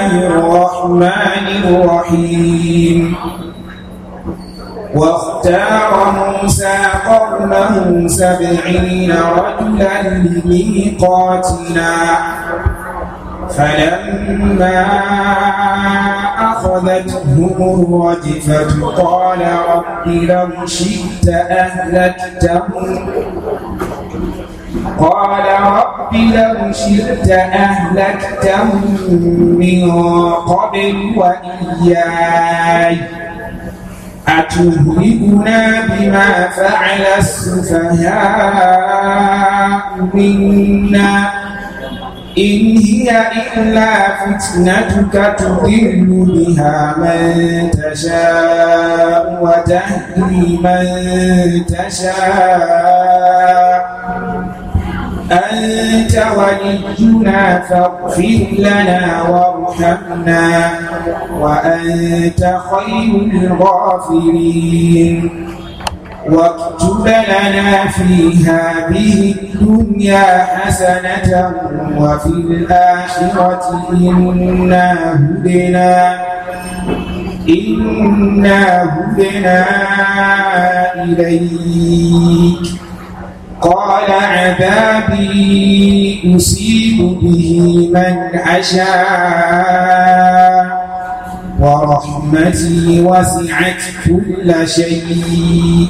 الرحمن الرحيم واختار موسى قرنه سبعين رجلا لميقاتنا فلما أخذتهم الرجفة قال رب لو شئت أهلكتهم قال رب لو شئت أهلكتهم من قبل وإياي أتهلكنا بما فعل السفهاء منا إن هي إلا فتنتك تضل بها من تشاء وتهدي من تشاء أنت ولينا فاغفر لنا وارحمنا وأنت خير الغافرين واكتب لنا في هذه الدنيا حسنة وفي الآخرة إنا هدنا إنا هدنا إليك قال عذابي أصيب به من أشاء ورحمتي وسعت كل شيء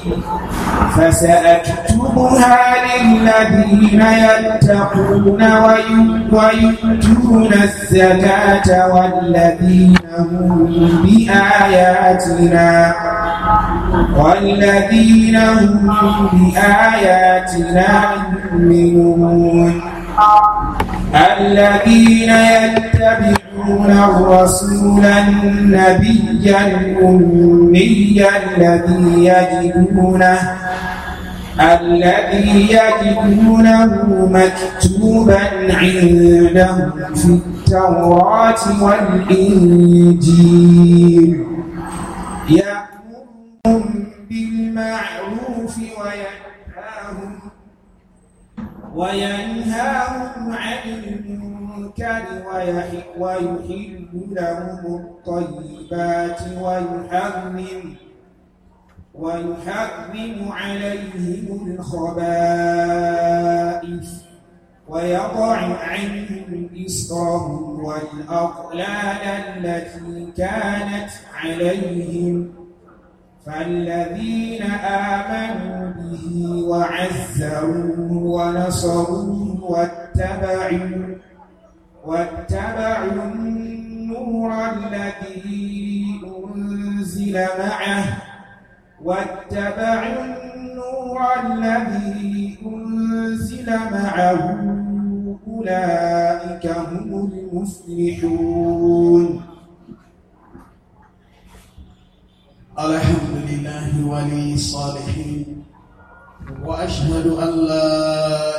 فسأكتبها للذين يتقون ويؤتون الزكاة والذين هم بآياتنا والذين هم بآياتنا يؤمنون الذين يتبعون الرسول النبي الأمي الذي يجدونه الذي يجدونه مكتوبا عندهم في التوراة والإنجيل بالمعروف وينهاهم وينهاهم عن المنكر ويحل لهم الطيبات ويحرم ويحرم عليهم الخبائث ويضع عنهم إصرهم والأغلال التي كانت عليهم فالذين آمنوا به وعزروه ونصروه واتبعوا واتبعوا النور الذي أنزل معه واتبعوا النور الذي أنزل معه أولئك هم المفلحون الحمد لله ولي الصالحين وأشهد أن لا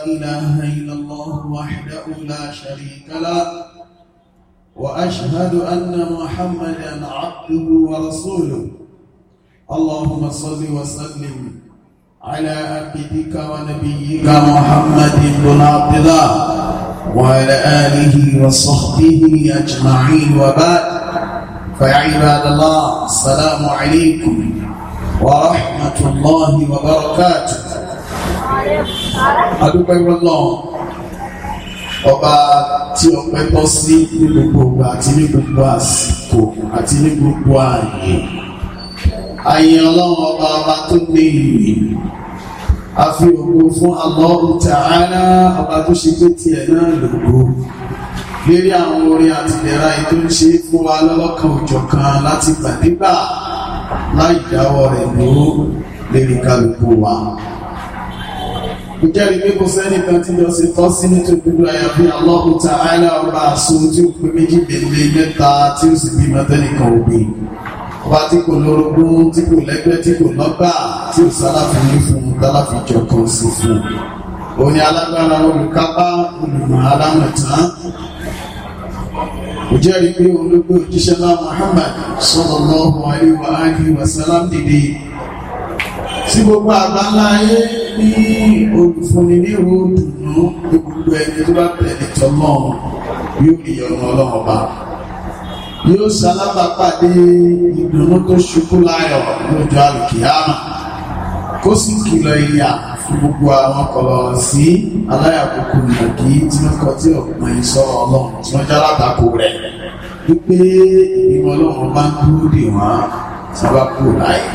إله إلا الله وحده لا شريك له وأشهد أن محمدا عبده ورسوله اللهم صل وسلم على عبدك ونبيك محمد بن عبد الله وعلى آله وصحبه أجمعين وبعد فيا الله السلام عليكم ورحمة الله وبركاته adúpẹ́ الله ọba tí ọpẹ́ tọ́ sí ní gbogbo ọgbà àti ní gbogbo àsìkò àti ní gbogbo ààyè ààyè Ọlọ́run ọba ọba tó ní ìrìn a fi ògo fún Allahu Ta'ala ọba tó ṣe tó tiẹ̀ náà lògo lérí àwọn orí àtìlẹ́ra yìí tó ń ṣe é fún wa lọ́lọ́kan òjọ̀kan láti gbàdégbà láì dáwọ́ rẹ̀ lóró lérí kálukú wa ìjẹ́rìí pé kò sẹ́ni kan tí lọ sí tọ́ sí nítorí gbogbo àyàfi Allahu Ta'ala ọba àṣọ tí ó pé méjì bèlè mẹ́ta tí ó sì bí mọ́tẹ́nìkan òbí ọba tí kò lórogún tí kò lẹ́gbẹ́ tí kò lọ́gbà tí ò sálàfíní fún tálàfíjọ kan sí fún òní alágbára olùkápá olùmọ̀ alámọ̀tán mo jẹ́rìí pé òun ló gbé òjíṣẹ́ ńlá Muhammad sallallahu alaihi wa alihi wa sallam dìde tí gbogbo àgbáńlá ayé ní olùfúnni ní ìwò dùnú gbogbo ẹni tó bá tẹ̀lé tọ́mọ́ yóò lè yọ̀nà ọlọ́run ọba yóò sálábà pàdé ìdùnnú tó ṣubú láyọ̀ lójú àlùkìyàmà kó sì kìlọ̀ ìyà fún gbogbo àwọn kọlọ̀ sí aláyàkókò nàkí tí wọ́n kọ tí ọ̀gbọ̀n ìṣọ́ ọlọ́run tí wọ́n já látakò rẹ̀ wípé ìgbìmọ̀ ọlọ́run bá ń dúró dè wọ́n tí wọ́n bá kú láyé.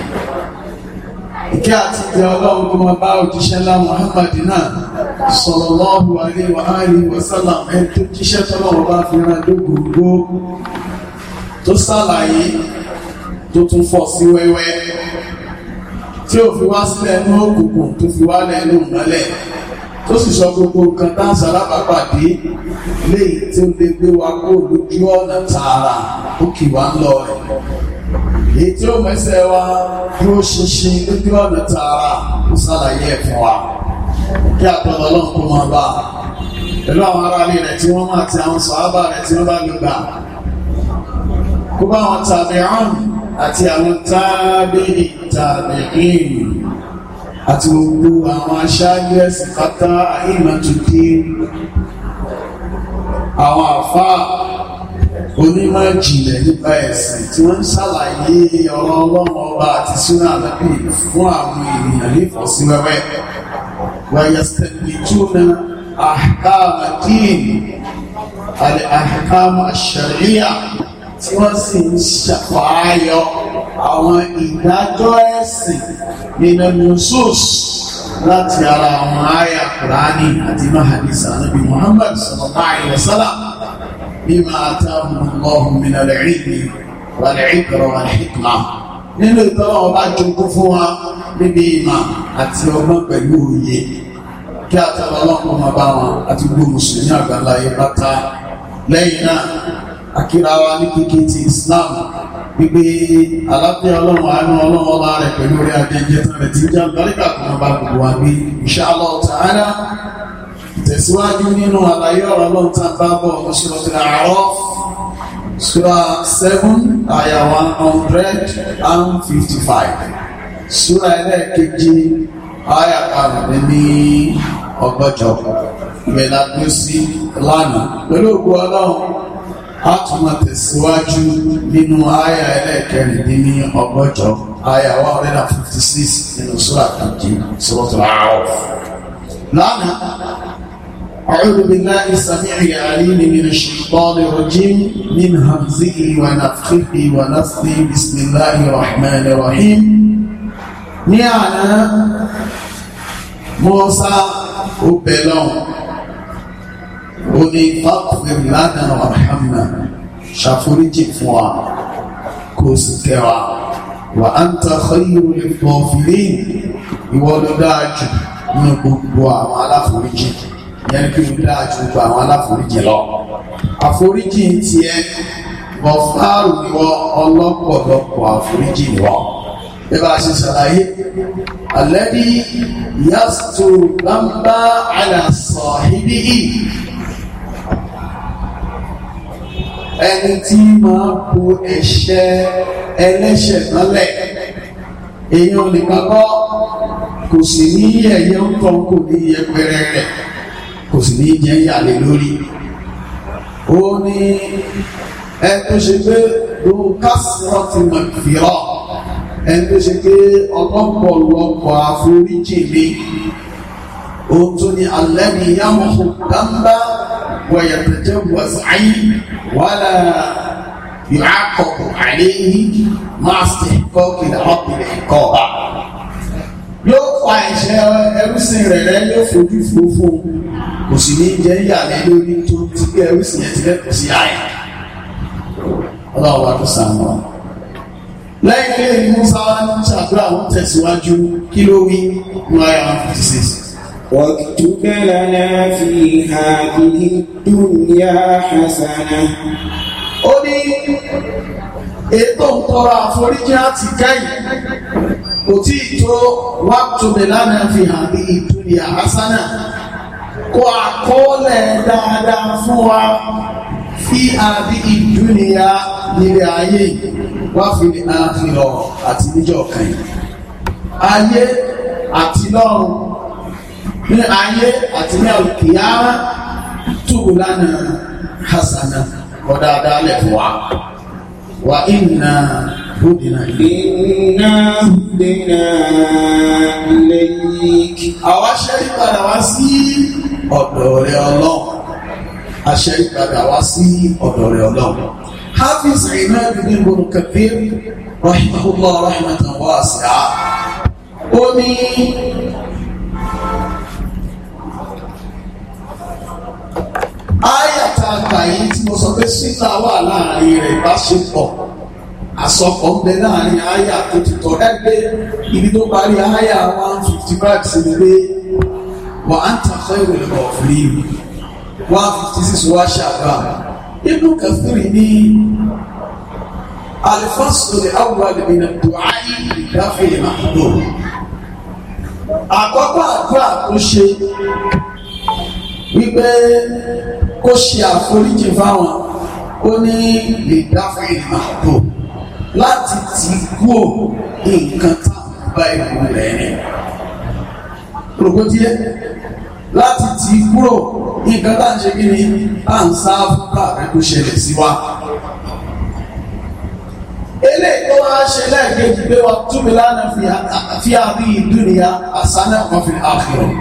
ìkẹ́ àti ìjẹ ọlọ́run kó máa bá òjíṣẹ́ lá Muhammad náà sallallahu alaihi wa alihi wa sallam ẹni tó jíṣẹ́ tọ́lọ́run bá fi rán dógógó tó sàlàyé tó tún fọ́ sí wẹ́wẹ́ tí ò fi wá sílẹ̀ ní òkùnkùn tó fi wá lẹ́nu mọ́lẹ̀ tó sì sọ gbogbo nǹkan tá a ṣalábàpàdé léyìí tí ó lè gbé wa kó lójú ọ̀nà tààrà ó kì wá ń lọ rẹ̀ èyí tí ó mẹ́sẹ̀ wa dúró ṣinṣin lójú ọ̀nà tààrà ó ṣàlàyé ẹ̀ fún wa kí àtọ̀dọ̀ ọlọ́run kó máa bá a pẹ̀lú àwọn ará ilé rẹ̀ tí wọ́n máa ti àwọn sọ̀hábà rẹ̀ tí wọ́n bá lè gbà kó bá wọn tàbí àrùn àti àwọn tábìlì tàbíìnì àti gbogbo àwọn aṣáájú ẹ̀sìn pátá àìmọ̀tòkè àwọn àfáà onímọ̀ ìjìnlẹ̀ nípa ẹ̀sìn tí wọ́n ń ṣàlàyé ọ̀rọ̀ ọlọ́run ọba àti súnà àlẹ́bí fún àwọn ènìyàn nífọ̀síwẹ́wẹ́ wàyẹ̀sẹ̀lì túnà àhàkàmà díìnì àlẹ́ àhàkàmà ṣàríyà tí wọ́n sì ń ṣàfààyọ àwọn ìdájọ́ ẹ̀sìn nínú nusus láti ara àwọn àyà kùránì àti mahadisa nabi muhammad sallallahu alayhi wa sallam bima atahum Allahu min al-ilmi wal-ibra wal-hikma nínú ìtọ́wọ́ ọba jogún fún wa níbi ìmọ̀ àti ọgbọ́n pẹ̀lú òye kí àtàwọn ọlọ́pàá máa wọn àti gbogbo mùsùlùmí àgbàlá yìí bá ta lẹ́yìn náà àkíra wa ní kíkí ti Islam wípé aláfíà ọlọ́run àánú ọlọ́run ọlá rẹ̀ pẹ̀lú orí adẹ́jẹ́ tán rẹ̀ tí ń jẹun lọ́ríkà kan bá gbogbo wa gbé inshallah ta'ala ìtẹ̀síwájú nínú àlàyé ọ̀rọ̀ ọlọ́run tá a bá bọ̀ ọ̀ṣọ́lọ́tìlá àárọ̀ sura 7 àyà 155 sura ẹlẹ́ẹ̀kejì àyà karùn ní ọgbọ́jọ ìgbẹ̀lá tó sí lánàá pẹ̀lú ògbó ọlọ́run a tún máa tẹ̀síwájú nínú àyà ẹlẹ́ẹ̀kẹrin ní ọgọ́jọ àyà one hundred and fifty six nínú sura kejì suratul A'raf. lánàá أعوذ بالله السميع العليم من الشيطان الرجيم من همزه ونفخه ونفثه بسم الله الرحمن الرحيم ní àná Mùsá ó bẹ̀ lọ́hùn ó ní fàkùnrin lánàá wàhámà ṣàforíjì fún wa kò sì tẹ́ wa wà á ń ta xeyìrò ìpọ̀ fìlí ìwọ ló dáa jù nínú gbogbo àwọn aláforíjì yẹn kí ló dáa jù gbogbo àwọn aláforíjì lọ àforíjì tiẹ̀ gọfáàrù wọ ọlọ́pọ̀lọpọ̀ àforíjì wọ bíbá ṣe ṣàlàyé alẹ́bí yàtò lámbá àlàsọ̀ ibi yìí ẹni tí máa bu ẹ̀ṣẹ̀ ẹlẹ́ṣẹ̀ mọ́lẹ̀ èèyàn nìkan kọ́ kò sì ní yẹ̀yẹ́ ń tọ́ kò ní yẹpẹrẹ rẹ̀ kò sì ní jẹ́ yàlẹ̀ lórí ó ní ẹ tó ṣe pé lóun kásìrọ̀ ti mọ̀ fìrọ̀ ẹ tó ṣe pé ọlọ́pọ̀lọpọ̀ àforíjì mi òun tó ní alẹ́ni yámọ̀kù dámbá wọ̀yẹ̀tẹ̀tẹ̀ wọ̀sáyí wàhálà yòókọ̀kọ̀ àléyìn máa ṣe kọ́ kìlà ọ̀pìlẹ̀ kọ́ ọ̀bà. yóò fa ẹ̀ṣẹ̀ ẹrúsìn rẹ̀ rẹ̀ yóò fojú fòfò kò sì ní jẹ́ yàlẹ́ lórí tó ti gbé ẹrúsìn ẹ̀ ti lẹ́kọ̀ọ́ sí àyà. ọlọ́run wa tó sàmúlò lẹ́yìn ilé ìmúsáwá ṣàdúrà wọn tẹ̀síwájú kí ló wí ní ayé one واكتب لنا في هذه الدنيا حسنة ó ní ètò ń tọrọ àforíjì àti kẹ́yìn kò tí ì tó wákùtùmí lánàá fi hàn ní ìdúnyà hasana kó àkọọ́lẹ̀ dáadáa fún wa fi àbí ìdúnyà nílé ayé wá fi ní àfihàn àti níjọ́ kan ayé àti lọ́run ní ayé àti ní àwòkìyà túbú lánàá hasana ọ̀dà àdáálẹ̀ fún wa wa inna hudina inna hudina lẹ́yìn. àwa ṣe ìpadà wá sí ọ̀dọ̀ rẹ ọlọ́run àṣẹ ìpadà wá sí ọ̀dọ̀ rẹ ọlọ́run. حافظ عماد بن بن كثير رحمه الله رحمة واسعة ó ní àyàtà àgbà yìí tí mo sọ pé sílà wà láàrin rẹ̀ ìbáṣepọ̀ àsọpọ̀ ń bẹ láàrin àyà tó ti tọ́ ẹgbẹ́ ibi tó parí àyà one fifty five sí ni pé wà á ń ta fẹ́ ìròyìn ọ̀fìrí one fifty six wá ṣàbà ibùdó kẹfìrì ní alifásitì awùwàlì mi nà tó ayé ìdáfẹ́ ìmàkúndò àkọ́kọ́ àdúrà tó ṣe wípé kó ṣe àforíjì fáwọn ó ní lè dáfẹ́ ìmàdò láti tì kú ò nǹkan táwọn bá ìlú rẹ̀ ni. rògbòdìyẹ láti tì kúrò nǹkan tá à ń ṣe kí ni tá à ń sá fún káàkiri tó ṣẹlẹ̀ sí wa. eléyìí tó wá ṣe lẹ́ẹ̀kejì pé wa túbi lánàá fi àbí ìdúnìyà àsánà kan fi àfihàn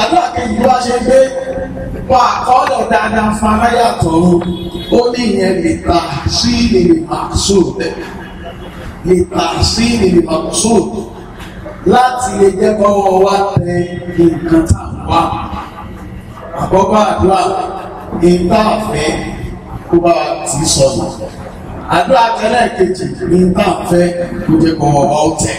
aláàkejì wá ṣe pé wà àkọọ́lọ̀ dáadáa fanáyà tó ó ní ìyẹn lè ta sí ìrìn màṣúùdẹ lè ta sí ìrìn màṣúùdẹ láti lè jẹ́ kọ́wọ́ wá tẹ nǹkan tá a wá àkọ́kọ́ àdúrà ìta àfẹ́ kó bá wa tì í sọnù àdúrà tẹ́lẹ̀ kejì ìta àfẹ́ kó jẹ́ kọ́wọ́ wá ó tẹ̀.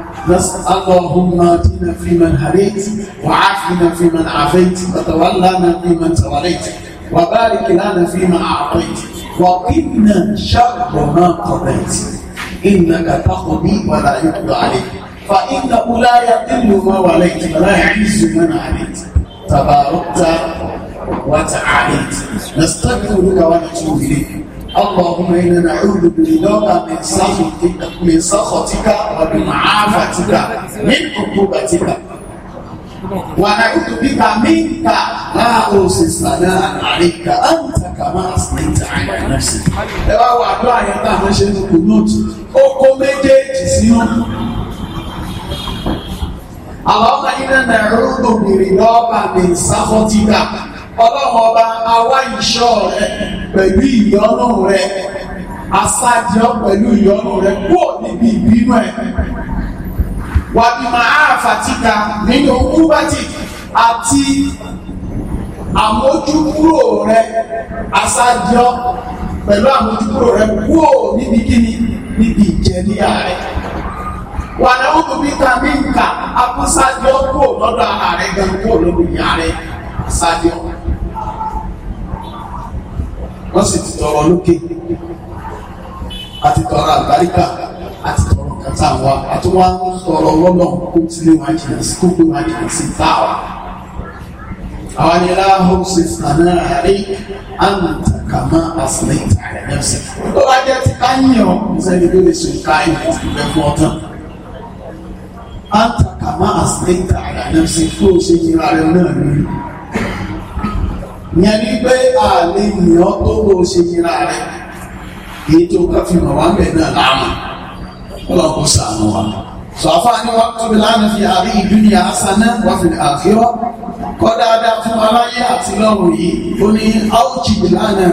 اللهم اتنا فيمن هديت وعافنا فيمن عافيت وتولنا فيمن توليت وبارك لنا فيما اعطيت وقنا شر ما قضيت انك تقضي ولا يقضى عليك فانه لا يقل ما وليت ولا يعز من عليت تباركت وتعاليت نستغفرك ونتوب اليك اللهم إنا نعوذ برضاك من سخطك من سخطك وبمعافتك من عقوبتك ونعوذ بك منك لا أوصي الثناء عليك أنت كما أثنيت على نفسك. Ẹ wá wo àdúrà yẹn tá a máa ṣe ní kùnúùtù. Ó kó méjèèjì sínú. Allahumma ọlọ́run ọba awá ìṣọ́ rẹ pẹ̀lú ìyọ́nú rẹ asájọ́ pẹ̀lú ìyọ́nú rẹ kúrò níbi ìbínú ẹ̀ wàbí màá fàtíkà nínú kúbátì àti àmójúkúrò rẹ asájọ́ pẹ̀lú àmójúkúrò rẹ kúrò níbi kíni níbi ìjẹníyà rẹ wàdà ó tóbi ká mí nkà akúsájọ́ kúrò lọ́dọ̀ ààrẹ gan kúrò lóbi yàrá asájọ́ wọ́n sì ti tọrọ lókè àti tọrọ àgbáríkà àti tọrọ kàtà wa àti wá ń sọ̀rọ̀ lọ́nà kó tilé wá jìnnà sí kó pé wá jìnnà sí táwa. àwọn ni láhùn ṣe sànà àárẹ̀ àǹtà kàmá àsìlẹ̀ ìtàrẹ̀ lẹ́sẹ̀. tó bá jẹ́ ti káyọ̀ ìṣẹ́ni tó lè ṣe káyọ̀ ti fẹ́ fún ọtán. àǹtà kàmá àsìlẹ̀ ìtàrẹ̀ lẹ́sẹ̀ fún òṣèjì rárẹ̀ náà nínú yẹn ní pé àlè ìyàn tó bó ṣe yíra rẹ̀ èyí tó ká fi mọ̀ wá bẹ̀ náà láàmú ọlọ́kùn sànù wa sọ̀fà ni wọ́n tóbi lánàá fi àrí ìdúnyà asaná wọ́n fi àfihàn kọ́ dáadáa fún aláyé àti lọ́run yìí ó ní áwùjì lánàá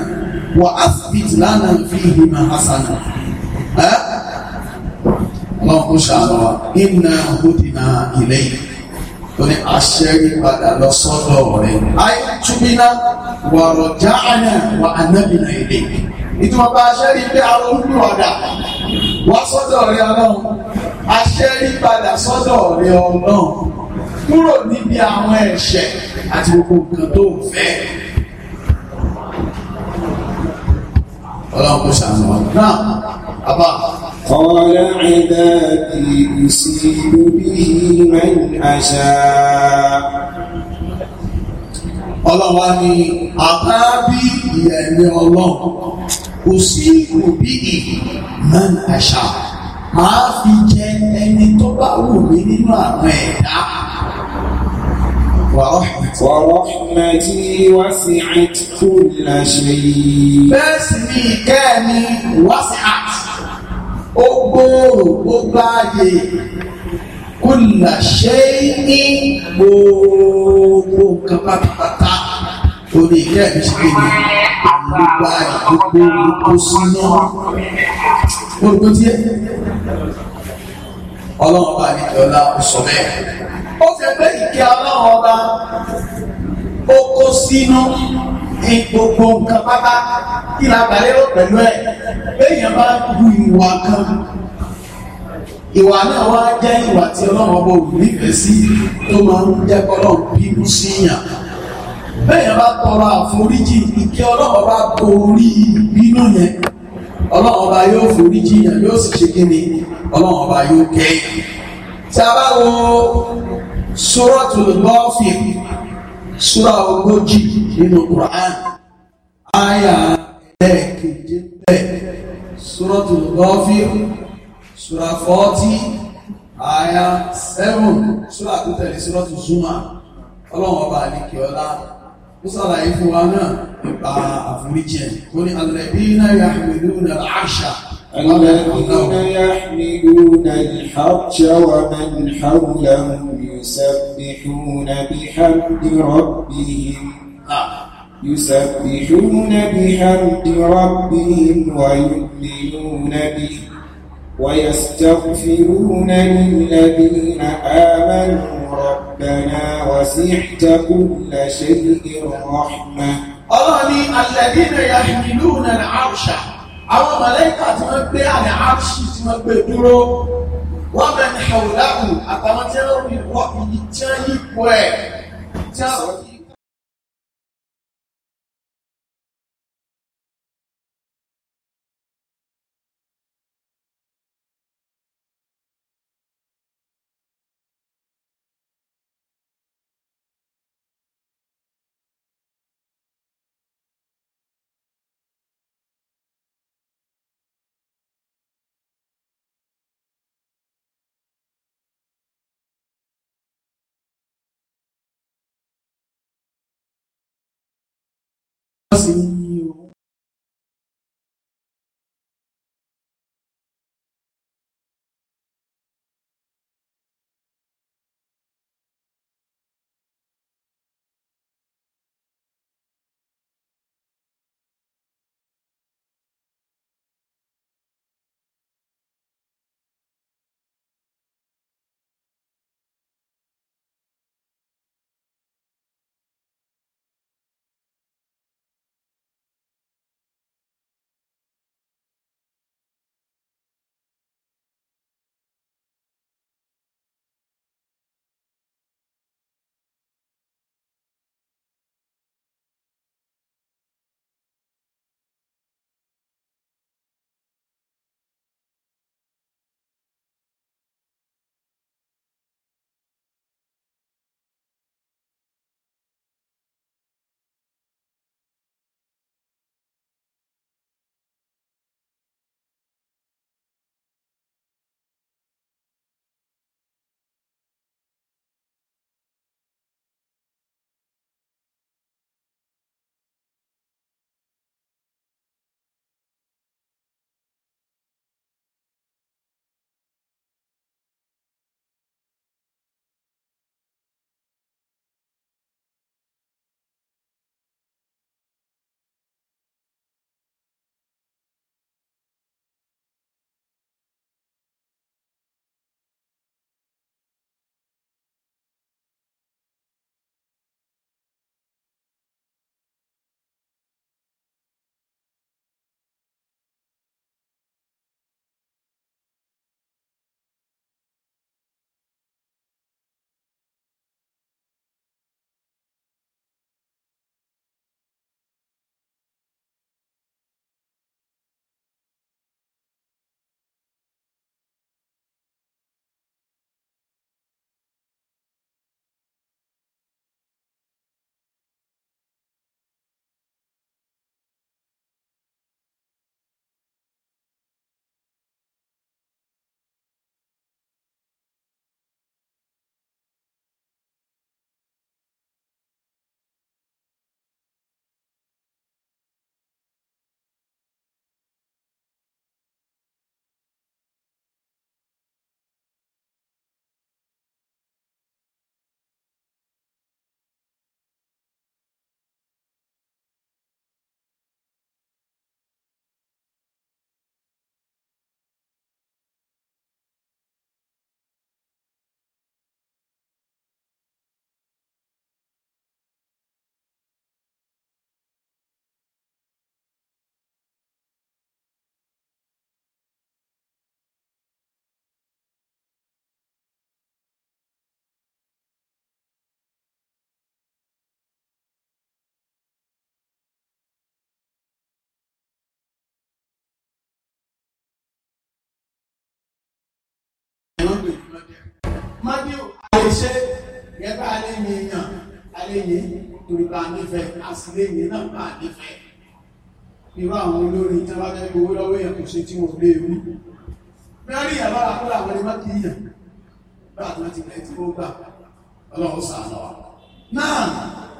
wà ásìbìtì lánàá fi ìgbìmọ̀ asaná ọlọ́kùn sànù wa ìmúna òdìnnà ilé yìí lórí aṣẹ́rí padà lọ sọ́dọ̀ rẹ̀ ayé túbínà wọ̀rọ̀ já àná wà ánábìnà èdè ìtumọ̀ bá aṣẹ́rí pé àwọn olùwàdà wá sọ́dọ̀ rẹ̀ ọlọ́run aṣẹ́rí padà sọ́dọ̀ rẹ̀ ọlọ́run kúrò níbi àwọn ẹ̀ṣẹ̀ àti gbogbo nǹkan tó ń fẹ́ ọlọ́run kò ṣàánú wọn náà àbá. Qala ibadi yusibu bihi man asha. Ọlọ́run wa ni àbábí ìyẹ̀mí ọlọ́run kò sí òbí ìhì man asha. Màá fi jẹ ẹni tó bá wù mí nínú àwọn ẹ̀dá. ورحمتي ورحمتي وسعت كل شيء bẹ́ẹ̀ sì ni ìkẹ́ mi وسعت ó gbòòrò gbogbo ààyè كل شيء gbogbo nǹkan pátápátá orí ìkẹ́ mi ṣe kéde gbogbo ààyè gbogbo gbogbo sínú gbogbo tiẹ̀ ọlọ́run bá mi jọ ọlá ọ̀sọ̀ bẹ́ẹ̀ ó ṣe pé ìkẹ́ ọlọ́run ọba ó kó sínú ní gbogbo nǹkan pátá kí la gbàlérò pẹ̀lú ẹ̀ béèyàn bá hu ìwà kan ìwà náà wá jẹ́ ìwà tí ọlọ́run ọba ò nífẹ̀ẹ́ sí tó máa ń jẹ́ kọ́lọ́run bínú síyàn béèyàn bá tọrọ àforíjì ìkẹ́ ọlọ́run bá torí bínú yẹn ọlọ́run ọba yóò foríjì yẹn yóò sì ṣe kí ni ọlọ́run ọba yóò kẹ́ yẹn tí a bá wo Suratul Ghafir súra ogójì nínú Quran àyà ẹlẹ́ẹ̀keje bẹ́ẹ̀ Suratul Ghafir súra fọ́tí àyà sẹ́wọ̀n súra tó tẹ̀lé Suratul Zumar ọlọ́wọ́n ọba àlekè ọlá ó sàlàyé fún wa náà nípa àforíjì ẹ̀ ó ní alladhina yahmiluna al-arsha. الذين يحملون الحرش ومن حولهم يسبحون بحمد ربهم يسبحون بحمد ربهم ويؤمنون به ويستغفرون للذين آمنوا ربنا وسعت كل شيء رحمة الله الذين يحملون العرش àwọn mọ̀lẹ́kà tí wọ́n gbé àlẹ́ àṣì tí wọ́n gbé dúró wọ́n mẹ́ni hàwùláhù àtàwọn tí wọ́n rí wọ́n yí ipò ẹ̀ tí wọ́n vazio mọ́díù àìṣe yẹn bá alẹ́ yìí yàn alẹ́ yìí torí bá nífẹ̀ẹ́ àsìlẹ̀ yìí náà bá nífẹ̀ẹ́ irú àwọn olórin tí wọ́n fẹ́ gbowó lọ́wọ́ èèyàn kò ṣe tí wọ́n lé ewu mẹ́rin yẹn lọ́la kó ẹni mọ́kì yàn bá àti wọ́n ti bẹ̀rẹ̀ tí wọ́n gbà ọlọ́run sàánà wa náà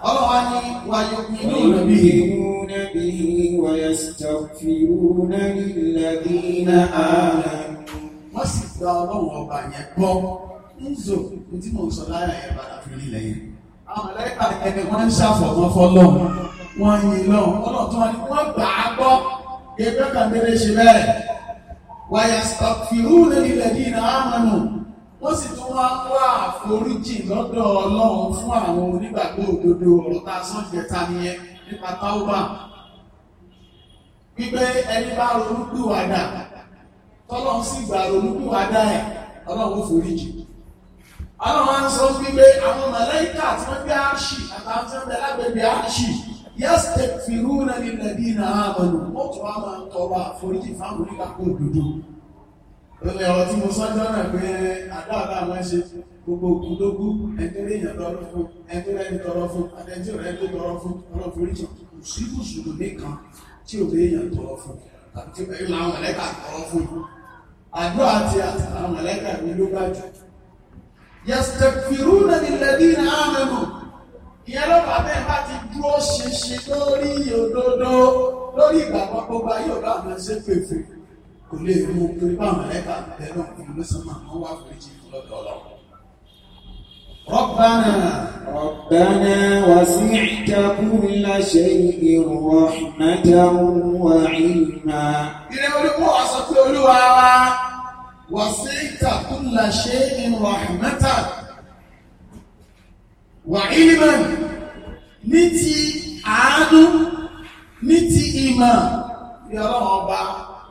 ọlọ́wà ní wàyọ̀kùn inú nàbí nàbí wàyàsítàfìrún wọ́n sì gba ọlọ́run ọba yẹn gbọ́ nízo tí mo sọ láyà yẹn padà fún ilẹ̀ yẹn àwọn màláíkà ẹni wọ́n ń ṣàfọ̀mọ́ fọ́lọ́hun wọ́n ń yin lọ́hun ọlọ́tún wọn ni wọ́n gbà á gbọ́ ẹgbẹ́ kàmẹ́rẹ́ ṣe bẹ́ẹ̀ wàyà stọ̀fìrú lórí ilẹ̀ yìí náà ámọ́nù wọ́n sì tún wá wá àforíjì lọ́dọ̀ ọlọ́run fún àwọn onígbàgbọ́ òdodo ọ̀rọ̀ tá a sọ jẹta nìyẹn nípa táwọ́bà wípé ẹni bá ronúkúwàdà tọ́lọ́run sì gbà ronúkúwàdà ẹ̀ ọlọ́run foríjì ọlọ́run á ń sọ wípé àwọn màláíkà tí wọ́n gbé àṣì àtàwọn tí wọ́n bẹ lágbègbè àṣì yastaghfiruna lilladhina amanu wọ́n tún wá máa ń tọrọ àforíjì fáwọn oníkàkó òdodo lórí ọ̀rọ̀ tí mo sọ́jọ́ náà pé àdáàbà àwọn ṣe gbogbo ògúndógú ẹgbẹ́rẹ́ èèyàn tọrọ fún ẹgbẹ́rẹ́ ẹni tọrọ fún àtẹ́jì rẹ̀ tó tọrọ fún ọlọ́run foríjì síbùsùlù nìkan tí ò lè èèyàn tọrọ fún yẹsẹ̀fìrúnà nílẹ̀dínà àmẹ́mọ̀ ìyẹn lọ́pàá bẹ́ẹ̀ bá ti dúró ṣinṣin lórí òdodo lórí ìgbàgbọ́ gbogbo ayé ọ̀dọ́ àwọn ẹsẹ̀ fèfè kò lè mú pé báwọn ẹ̀ka bẹ́ẹ̀ náà kò ló sọ́mà wọ́n wá fèjì lọ́dọ̀ ọlọ́run. ربنا ربنا وسعت كل شيء رحمة وعلما. وسعت كل شيء رحمة وعلما نتي عاد نتي إيمان يا رب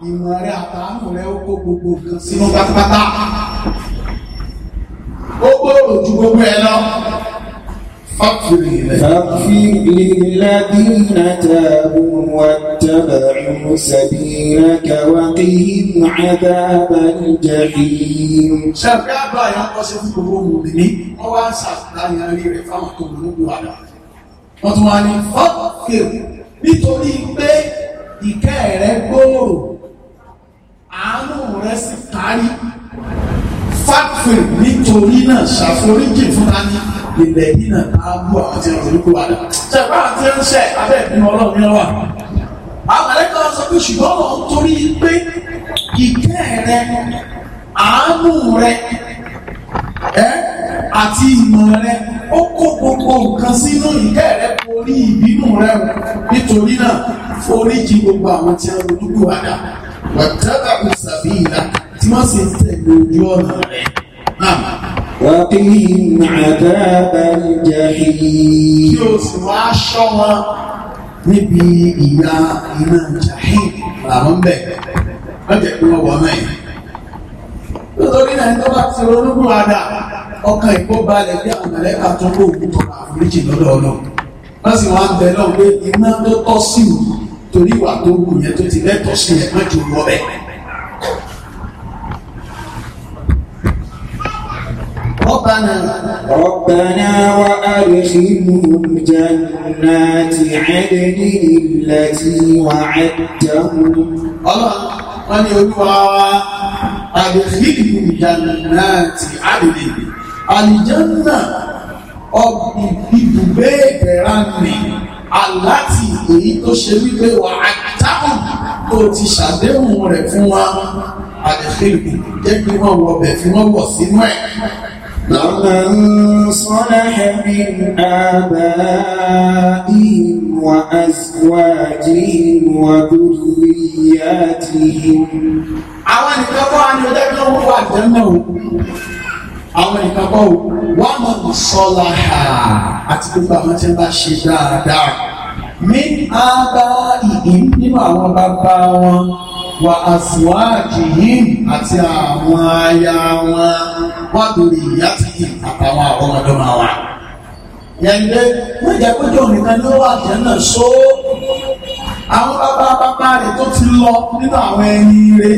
ìmọ̀ rẹ àtàánù rẹ ó kó gbogbo nǹkan sínú pátápátá ó gbòòrò ju gbogbo ẹ lọ. فاغفر لي فاغفر للذين تابوا واتبعوا سبيلك وقهم عذاب الجحيم ṣàfihàn àbáyé ọkọ̀ sí fún gbogbo mùmìnì wọ́n wá ṣàtìláyà rí rẹ̀ fáwọn tó mú lójú àdá wọ́n tún wá ní fọ́ọ̀fẹ́ nítorí pé ìkẹ́ rẹ̀ gbòòrò àánú rẹ̀ sì kárí fáfù nítorí náà ṣàforíjì fúnra ní ilẹ̀ yìí náà tá a bú àwọn tí wọ́n ti kó wa dá. ṣẹ̀fà àti ẹ̀ṣẹ̀ abẹ́ ìbínú ọlọ́run yẹn wà. àwọn ẹ̀ka sọ pé ṣùgbọ́n lọ torí pé ìkẹ́ rẹ àánú rẹ ẹ àti ìmọ̀ rẹ ó kó gbogbo nǹkan sínú ìkẹ́ rẹ borí ìbínú rẹ nítorí náà foríjì gbogbo àwọn tí wọ́n ti kó wa dá. wọ́n tẹ́lẹ̀ kò sàbí ìlànà má ṣe tẹ̀lé ojú ọ̀nà rẹ̀ náà. وقهم عذاب الجحيم kí o sì wá ṣọ́ wọn níbi ìyà iná jahim làwọn ń bẹ̀ lọ́jọ́ pé wọ́n wà mẹ́yìn. nítorí náà tó bá ti ronúkú àdá ọkàn ìkóbalẹ̀ bí àwọn mẹ̀lẹ́kà tó kó òkú tọrọ àforíjì lọ́dọ̀ ọlọ́run wọ́n sì wá ń bẹ náà pé iná tó tọ́ sí òun torí ìwà tó wù yẹn tó ti lẹ́tọ̀ọ́ sí ẹ̀ má jò wọ́ bẹ́ẹ̀. ربنا ربنا وأدخلهم جنات عدن التي وعدتهم الله wọ́n ní olúwa àdìsílù عدن ti àdìlè àlìjánà ibùgbé ìbẹ̀rà nì aláti èyí tó ṣe wípé wà àtàkùn tó ti ṣàdéhùn rẹ̀ fún wa àdìsílù jẹ́ kí wọ́n wọbẹ̀ tí wọ́n wọ̀ sínú ẹ̀. فمن صلح من آبائهم وأزواجهم وذرياتهم àwọn nìkan kọ́ àwọn ọ̀dẹ́gbẹ́ wọn wà jẹ́mọ̀ o àwọn nìkan kọ́ o wà mọ̀ ní sọ́lá ha àti gbogbo àwọn tí wọ́n bá ṣe dáadáa mi ábá ìhìn nínú àwọn bàbá wọn wà àsùwájìhìn àti àwọn aya wọn wà lórí ìyá tìkì àtàwọn àwọn ọmọdọ́mọ wa. yẹnde wọn jẹ péjọ nìkan ni ó wà jẹ náà só àwọn bàbá bàbá rẹ̀ tó ti lọ nínú àwọn ẹni rẹ̀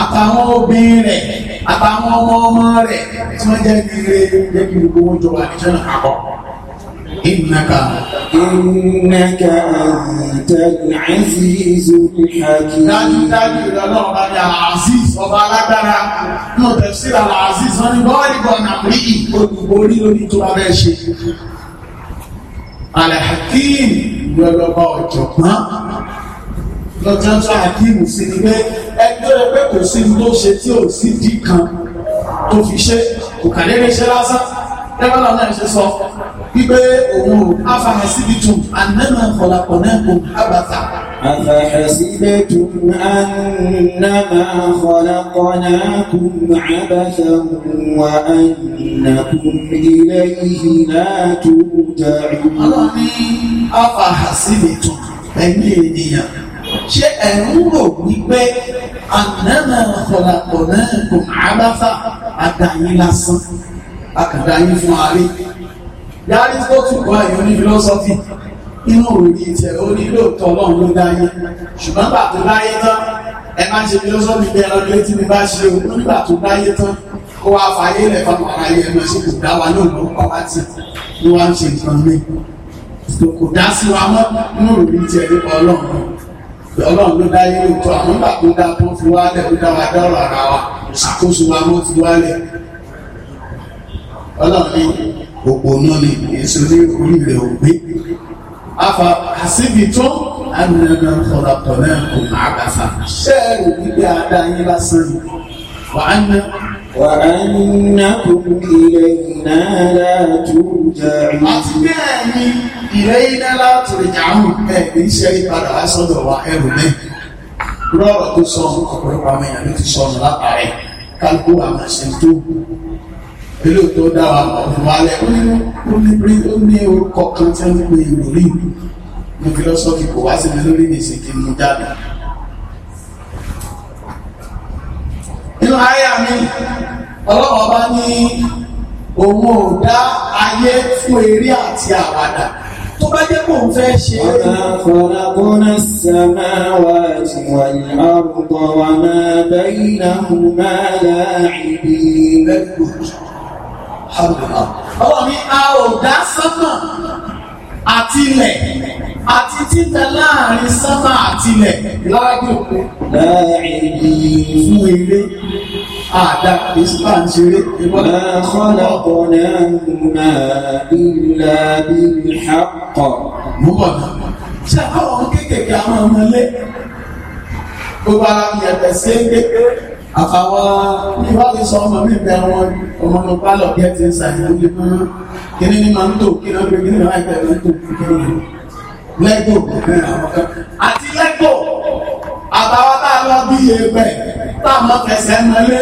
àtàwọn obìnrin rẹ̀ àtàwọn ọmọ ọmọ rẹ̀ tí wọn jẹ ní rẹ̀ jẹ kí gbogbo wọn jọ wà níjọ náà kàkọ. إنك إنك أنت العزيز الحكيم dájúdájú ìdáná ọba ní aziz ọba alágbára yóò tẹ̀sí ìlànà aziz wọn ni bọ́ọ̀lì bọ́ọ̀ nà rí olùborí lórí tó bá bẹ́ẹ̀ ṣe. alhakim lọ́lọ́ba ọ̀jọ̀gbọ́n lọ́jọ́ tó hakim sí ni pé ẹgbẹ́ ẹgbẹ́ kò sí ní ló ṣe tí ò sí dì kan tó fi ṣe kò kàlẹ́ lè ṣe lásán lẹ́wọ́n làwọn náà ṣe sọ wípé òun ò afahàn síbi tù ànánà kọlàkọ̀nà kò ábàtà. أفحسبتم أنما خلقناكم عبثا وأنكم إليه لا ترجعون. Allah ní أفحسبتم ẹ̀yin ènìyàn ṣé ẹ̀ ń rò wípé ànánà kọlàkọ̀nà kò àdáyé lásán àkàdáyé fún àárẹ̀. That is not why you need philosophy. Inú òròdì ìtẹ̀ onílòótọ́ ọlọ́run ló dáyé. Ṣùgbọ́n nígbà tó dáyé tán, ẹ máa ṣe philosophy bí ẹran létí mi bá ṣe o. Nígbà tó dáyé tán, kó wá fàyè rẹ̀ fún ara yẹ ẹ̀mọ̀ ṣe kò dá wa náà lọ́wọ́ pàwá tì ní wá ń ṣe nǹkan mi. Kò dá sí wa mọ́ inú òròdì ìtẹ̀ nípa ọlọ́run. Ọlọ́run ló dáyé lóòótọ́ àwọn nígbà tó dá tó fi wá lẹ̀ ó dá wa dá ọ̀rọ̀ ara wa. Ìṣàkóso wa mọ́ ti wá lẹ̀. Ọlọ́run òpònú ni èso ní orí rẹ̀ ò gbé afa àṣíbi tó ànàmà ọ̀dàpọ̀ náà kò má bàfà ṣẹ́ẹ̀rù gbígbé adá yín lásán ni wà á ná. wà á ná kókó ilẹ̀ iná látò jà rí. àti bẹ́ẹ̀ ni ilẹ̀ iná látò jà ń bẹ̀ ní iṣẹ́ ìpadà wá sọ́dọ̀ wa ẹrù náà lọ́rọ̀ tó sọ ọ̀pọ̀lọpọ̀ àwọn èèyàn ti sọ ọ̀nà látàrí kálukú àmàṣe tó ilé tó dára ọ̀dùnmọ́lẹ̀ ó ní ó ní orúkọ kan tí wọ́n pe ìròrí ní fílọ́sọ́fì kò wá sí mi lórí nìsí kí n jáde. nínú àyà mi ọlọ́wọ́ bá ní òun ò dá ayé fún eré àti àwàdà tó bá jẹ́ kó ń fẹ́ ṣe é. ọ̀nà kọ́nà sàmà wà tí wọ́n ní àrùkọ wà máa bẹ́yìn náà máa láàrin bí àwòrán ọwọ́ mi a ò dá sánmà àti ilẹ̀ àti títẹ láàrin sánmà àti ilẹ̀ láàbò fún eré àdá ìsúpà ń ṣeré. ma khalaqnahuma illa bil haqq. bùbọ̀ náà ṣe àwọn kéékèèké àwọn ọmọ ilé gbogbo ara mi ẹ̀bẹ̀ sí kékeré àtàwọn níwájú sọ ọmọ mi bẹ wọn ọmọ ọmọ pálọ̀ bí ẹ ti ń sàyẹ̀wò lè mọ́ kíní ní máa ń tò kí náà gbé kíní náà ẹgbẹ́ máa ń tò kí náà lẹ́gbò bẹ̀rẹ̀ àwọn kan àti lẹ́gbò àtàwọn tá a lọ bí iye bẹ̀ tá a mọ fẹsẹ̀ mọ́lé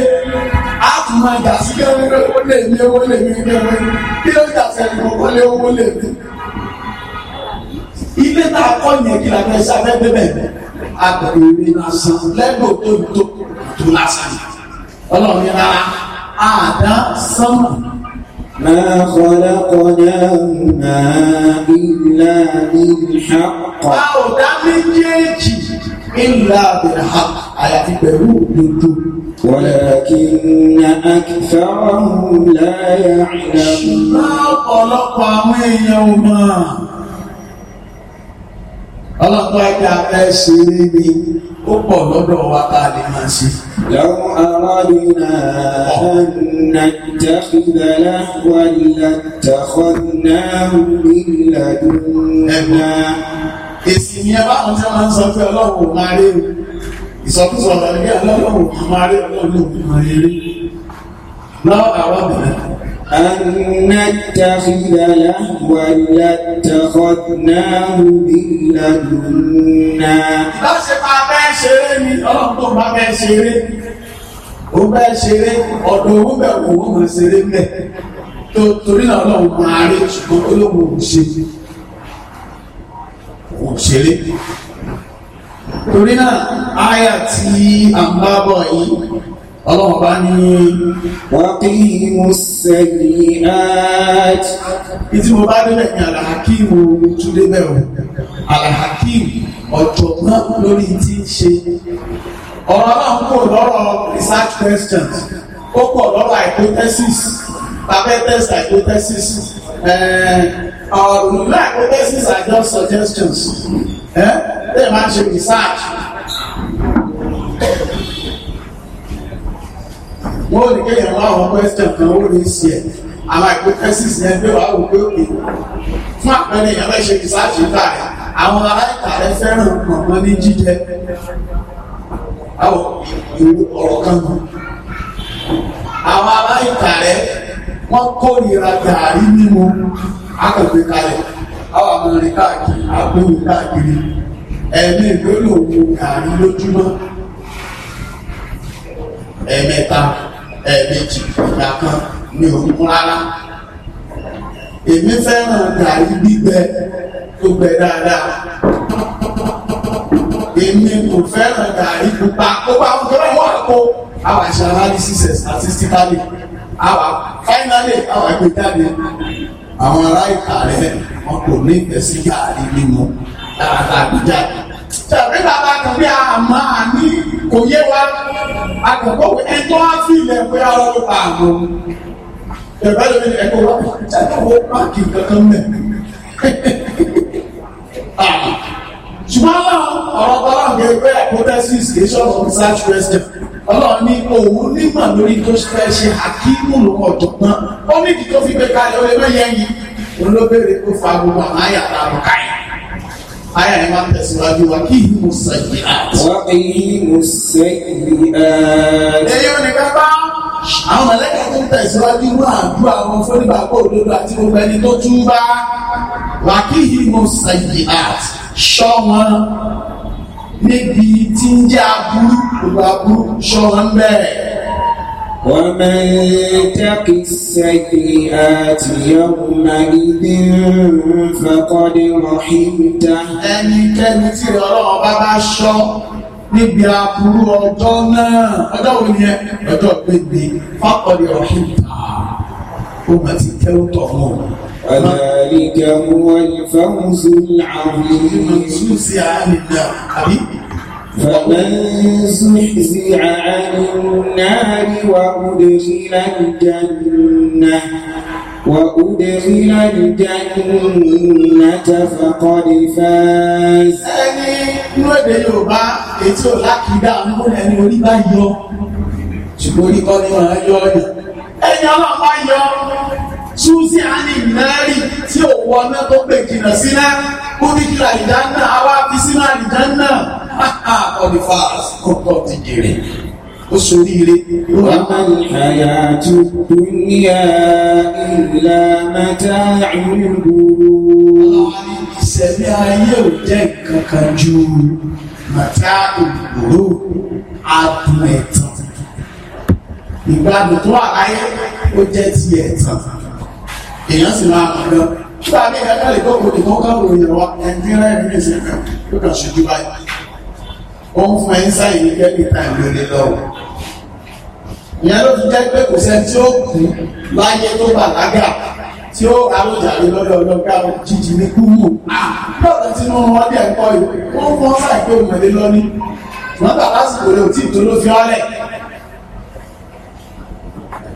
a tún máa jà sí kẹ́wé ó lè ní owó lè ní kẹ́wé kí ló jà sẹ́yìn kó lé owó lè ní. ilé tá a kọ́ yẹn kí la fẹ́ sáfẹ́ bẹ́bẹ̀ àgbèrè lásán tó lásán ọlọ́run ní rárá àdá sánmà. ما خلقناهما إلا بالحق أو دمجيتي إلا بالحق على تبرود ولكن أكثرهم لا يعلمون ما خلق يوما الله قد أسرني ó pọ̀ lọ́dọ̀ wa tá a lè máa ṣe. lọ́wọ́ arábìnrin àná ìtàkùdàlá wà látàkọ́nà nílàdúnà. èsì yẹn báwọn tí wọ́n sọ pé ọlọ́run ò máa rí ìsọkúsọ ọ̀rọ̀ ẹgbẹ́ ọlọ́run ò máa rí ọlọ́run ò máa rí lọ́wọ́ àwọn obìnrin. أن نتخذ لهوا لاتخذناه من لدنا bá ṣe pa bẹ́ẹ̀ ṣeré ni ọlọ́run tó bá bẹ́ẹ̀ ṣeré ó bẹ́ẹ̀ ṣeré ọ̀dọ̀ owó bẹ́ẹ̀ wò wọ́n máa ṣeré bẹ́ẹ̀ torí náà ọlọ́run máa rí ṣùgbọ́n olóhùn ò ṣe ò ṣeré torí náà àyà tí à ń bá bọ̀ yìí ọlọ́run bá ní wàkíìmù sẹ́yìn áàtì ìtí mo bá nílẹ̀ ní àlàákìmù túnlé bẹ̀rù àlàákìmù ọ̀jọ̀gbọ́n lórí tí ń ṣe ọ̀rọ̀ náà kò lọ́rọ̀ research questions ó pọ̀ lọ́rọ̀ hypothesis tàbẹ́ test hypothesis ọ̀rùn ní hypothesis are just suggestions ẹ̀ ẹ̀ máa ń ṣe research wọ́n ní kéèyàn láwọn question kan ó ní sí ẹ̀ àwọn ìpín crisis yẹn gbé wàá wò pé òkè fún àpẹẹrẹ ìyẹn lọ́ọ́ ṣe ìsáàjì ń tààrẹ àwọn ará ìtààrẹ fẹ́ràn pọ̀npọ́n ní jíjẹ àwọn ìwé ọ̀rọ̀ kan nù àwọn ará ìtààrẹ wọ́n kórìíra gàárì mímu akọ̀gbé kalẹ̀ àwọn àmọ́rin káàkiri àgbéwò káàkiri ẹ̀mí ìgbélòwò gàárì lójúmọ́ ẹ̀mẹ́ta ẹ̀ẹ̀mejì ìgbà kan ní òkun rárá èmi fẹ́ràn gàrí gbígbẹ tó gbẹ dáadáa èmi kò fẹ́ràn gàrí pupa gbogbo àwọn kẹrẹ wọn àpò àwọn àṣà analysis statistically àwọn finally àwọn ẹgbẹ́ jáde àwọn ará ìkàrẹ́ wọn kò ní ìfẹ́ sí gàrí mímu dáadáa gbé jáde tẹ̀bí bàbá kan bí àmọ́ àní kò yé wa àgbẹ̀kọ́ pé ẹjọ́ á fi ilẹ̀ pé ara ló pa àwọn ẹ̀rọ lórí ẹ̀kọ́ wa jákèwó páàkì kankan mẹ́ ah. ṣùgbọ́n ọ̀rọ̀ tọ́lá ń gbé hypothesis kì í ṣọ́ọ̀rọ̀ research question ọlọ́run ní òun nígbà lórí tó fẹ́ ṣe àkíkù lọ́kọ̀ tó pọ́n ó ní kí tó fi gbé kalẹ̀ ó mẹ́yẹ yìí òun ló béèrè kó fa gbogbo àwọn àyàtà àbùkáyà. Aya ni wọ́n tẹ̀síwájú wa kí ìlú mo sọ yìí àti. Wọ́n fi mo ṣe ìlú àti. Èyí ò ní bẹ́ẹ̀ bá àwọn mọ̀lẹ́kà tó ń tẹ̀síwájú wà ju àwọn fúnibàpọ̀ òdodo àti gbogbo ẹni tó tún bá wà kí ìlú mo sọ àti. Ṣọ́ wọn níbi tí ń jẹ́ aburú gbogbo aburú ṣọ́ wọn bẹ́ẹ̀. ومن تق السيئات يومئذ فقد رحمته ẹnikẹ́ni tí ọ̀rọ̀ bá bá ṣọ́ níbi aburú ọjọ́ náà ọjọ́ wo ni ẹ ọjọ́ gbẹ̀gbẹ̀ faqad rahimtah ó mà ti tẹ́ ó tọ̀ mọ́. ذلك هو الفوز العظيم. فمن زحزح عن النار وأدخل الجنة وأدخل الجنة فقد فاز inú èdè yorùbá ètí ò lákìdá múlẹ̀ ní orí bá yọ ṣùgbọ́n orí kọ́ ní ọ̀rọ̀ yọ ọ̀dọ̀ ẹni ọlọ́run bá yọ ṣú sí àní ìnárí tí ò wọ ọ̀nà tó pè jìnnà sí náà ó ní kí àlìjáná àwa fi sínú Haha, ọ̀dì fa ọkọ̀ ti jèrè ó soríire. wà á ń àyà tó dúníà ìlà mẹ́ta ìlú. ìṣẹ̀lẹ̀ ayé ò jẹ́ nǹkan kan ju mẹ́ta ìgbòho adùn ẹ̀tàn ìgbàdùn tó ó jẹ́ ti ẹ̀tàn èèyàn sì máa kọ́ sáàbí ẹ̀kẹ́ lè tókò lè tókò ròyìn wa ẹ̀ndínlẹ̀ ìrìn sí ẹ̀kẹ́ ló kà ṣojú báyìí ó ń fún ẹ̀yìn sáyìn ní kẹ́ níta ìlúlé lọ́wọ́ ìyẹn ló ti jẹ́ pé kò sẹ́ tí ó kù láyé tó bà lágà tí ó alójàre lọ́dọ̀ ọlọ́gbà jíjì ní kúrú lọ́dọ̀ tí mo wọ́n dẹ̀ kọ́ yìí wọ́n fún ọ́ sáì pé òmìnir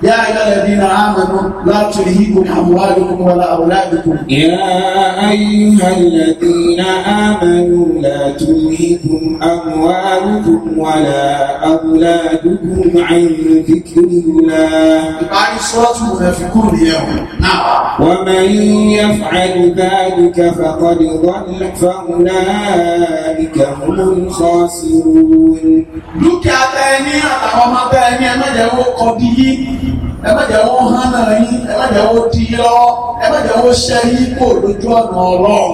يا أيها الذين آمنوا لا تلهيكم أموالكم ولا أولادكم يا أيها الذين آمنوا لا تلهيكم أموالكم ولا أولادكم عن ذكر الله عن صلاة المنافقون ومن يفعل ذلك فقد ضل فأولئك هم الخاسرون dúkìá tẹ ẹ ní àtàwọn ọmọ tẹ ẹ má jẹ́ wọ́n hán náà yín ẹ má jẹ́ wọ́n di yín lọ́wọ́ ẹ jẹ́ wọ́n ṣẹ́ yín kó lójú ọ̀nà ọlọ́run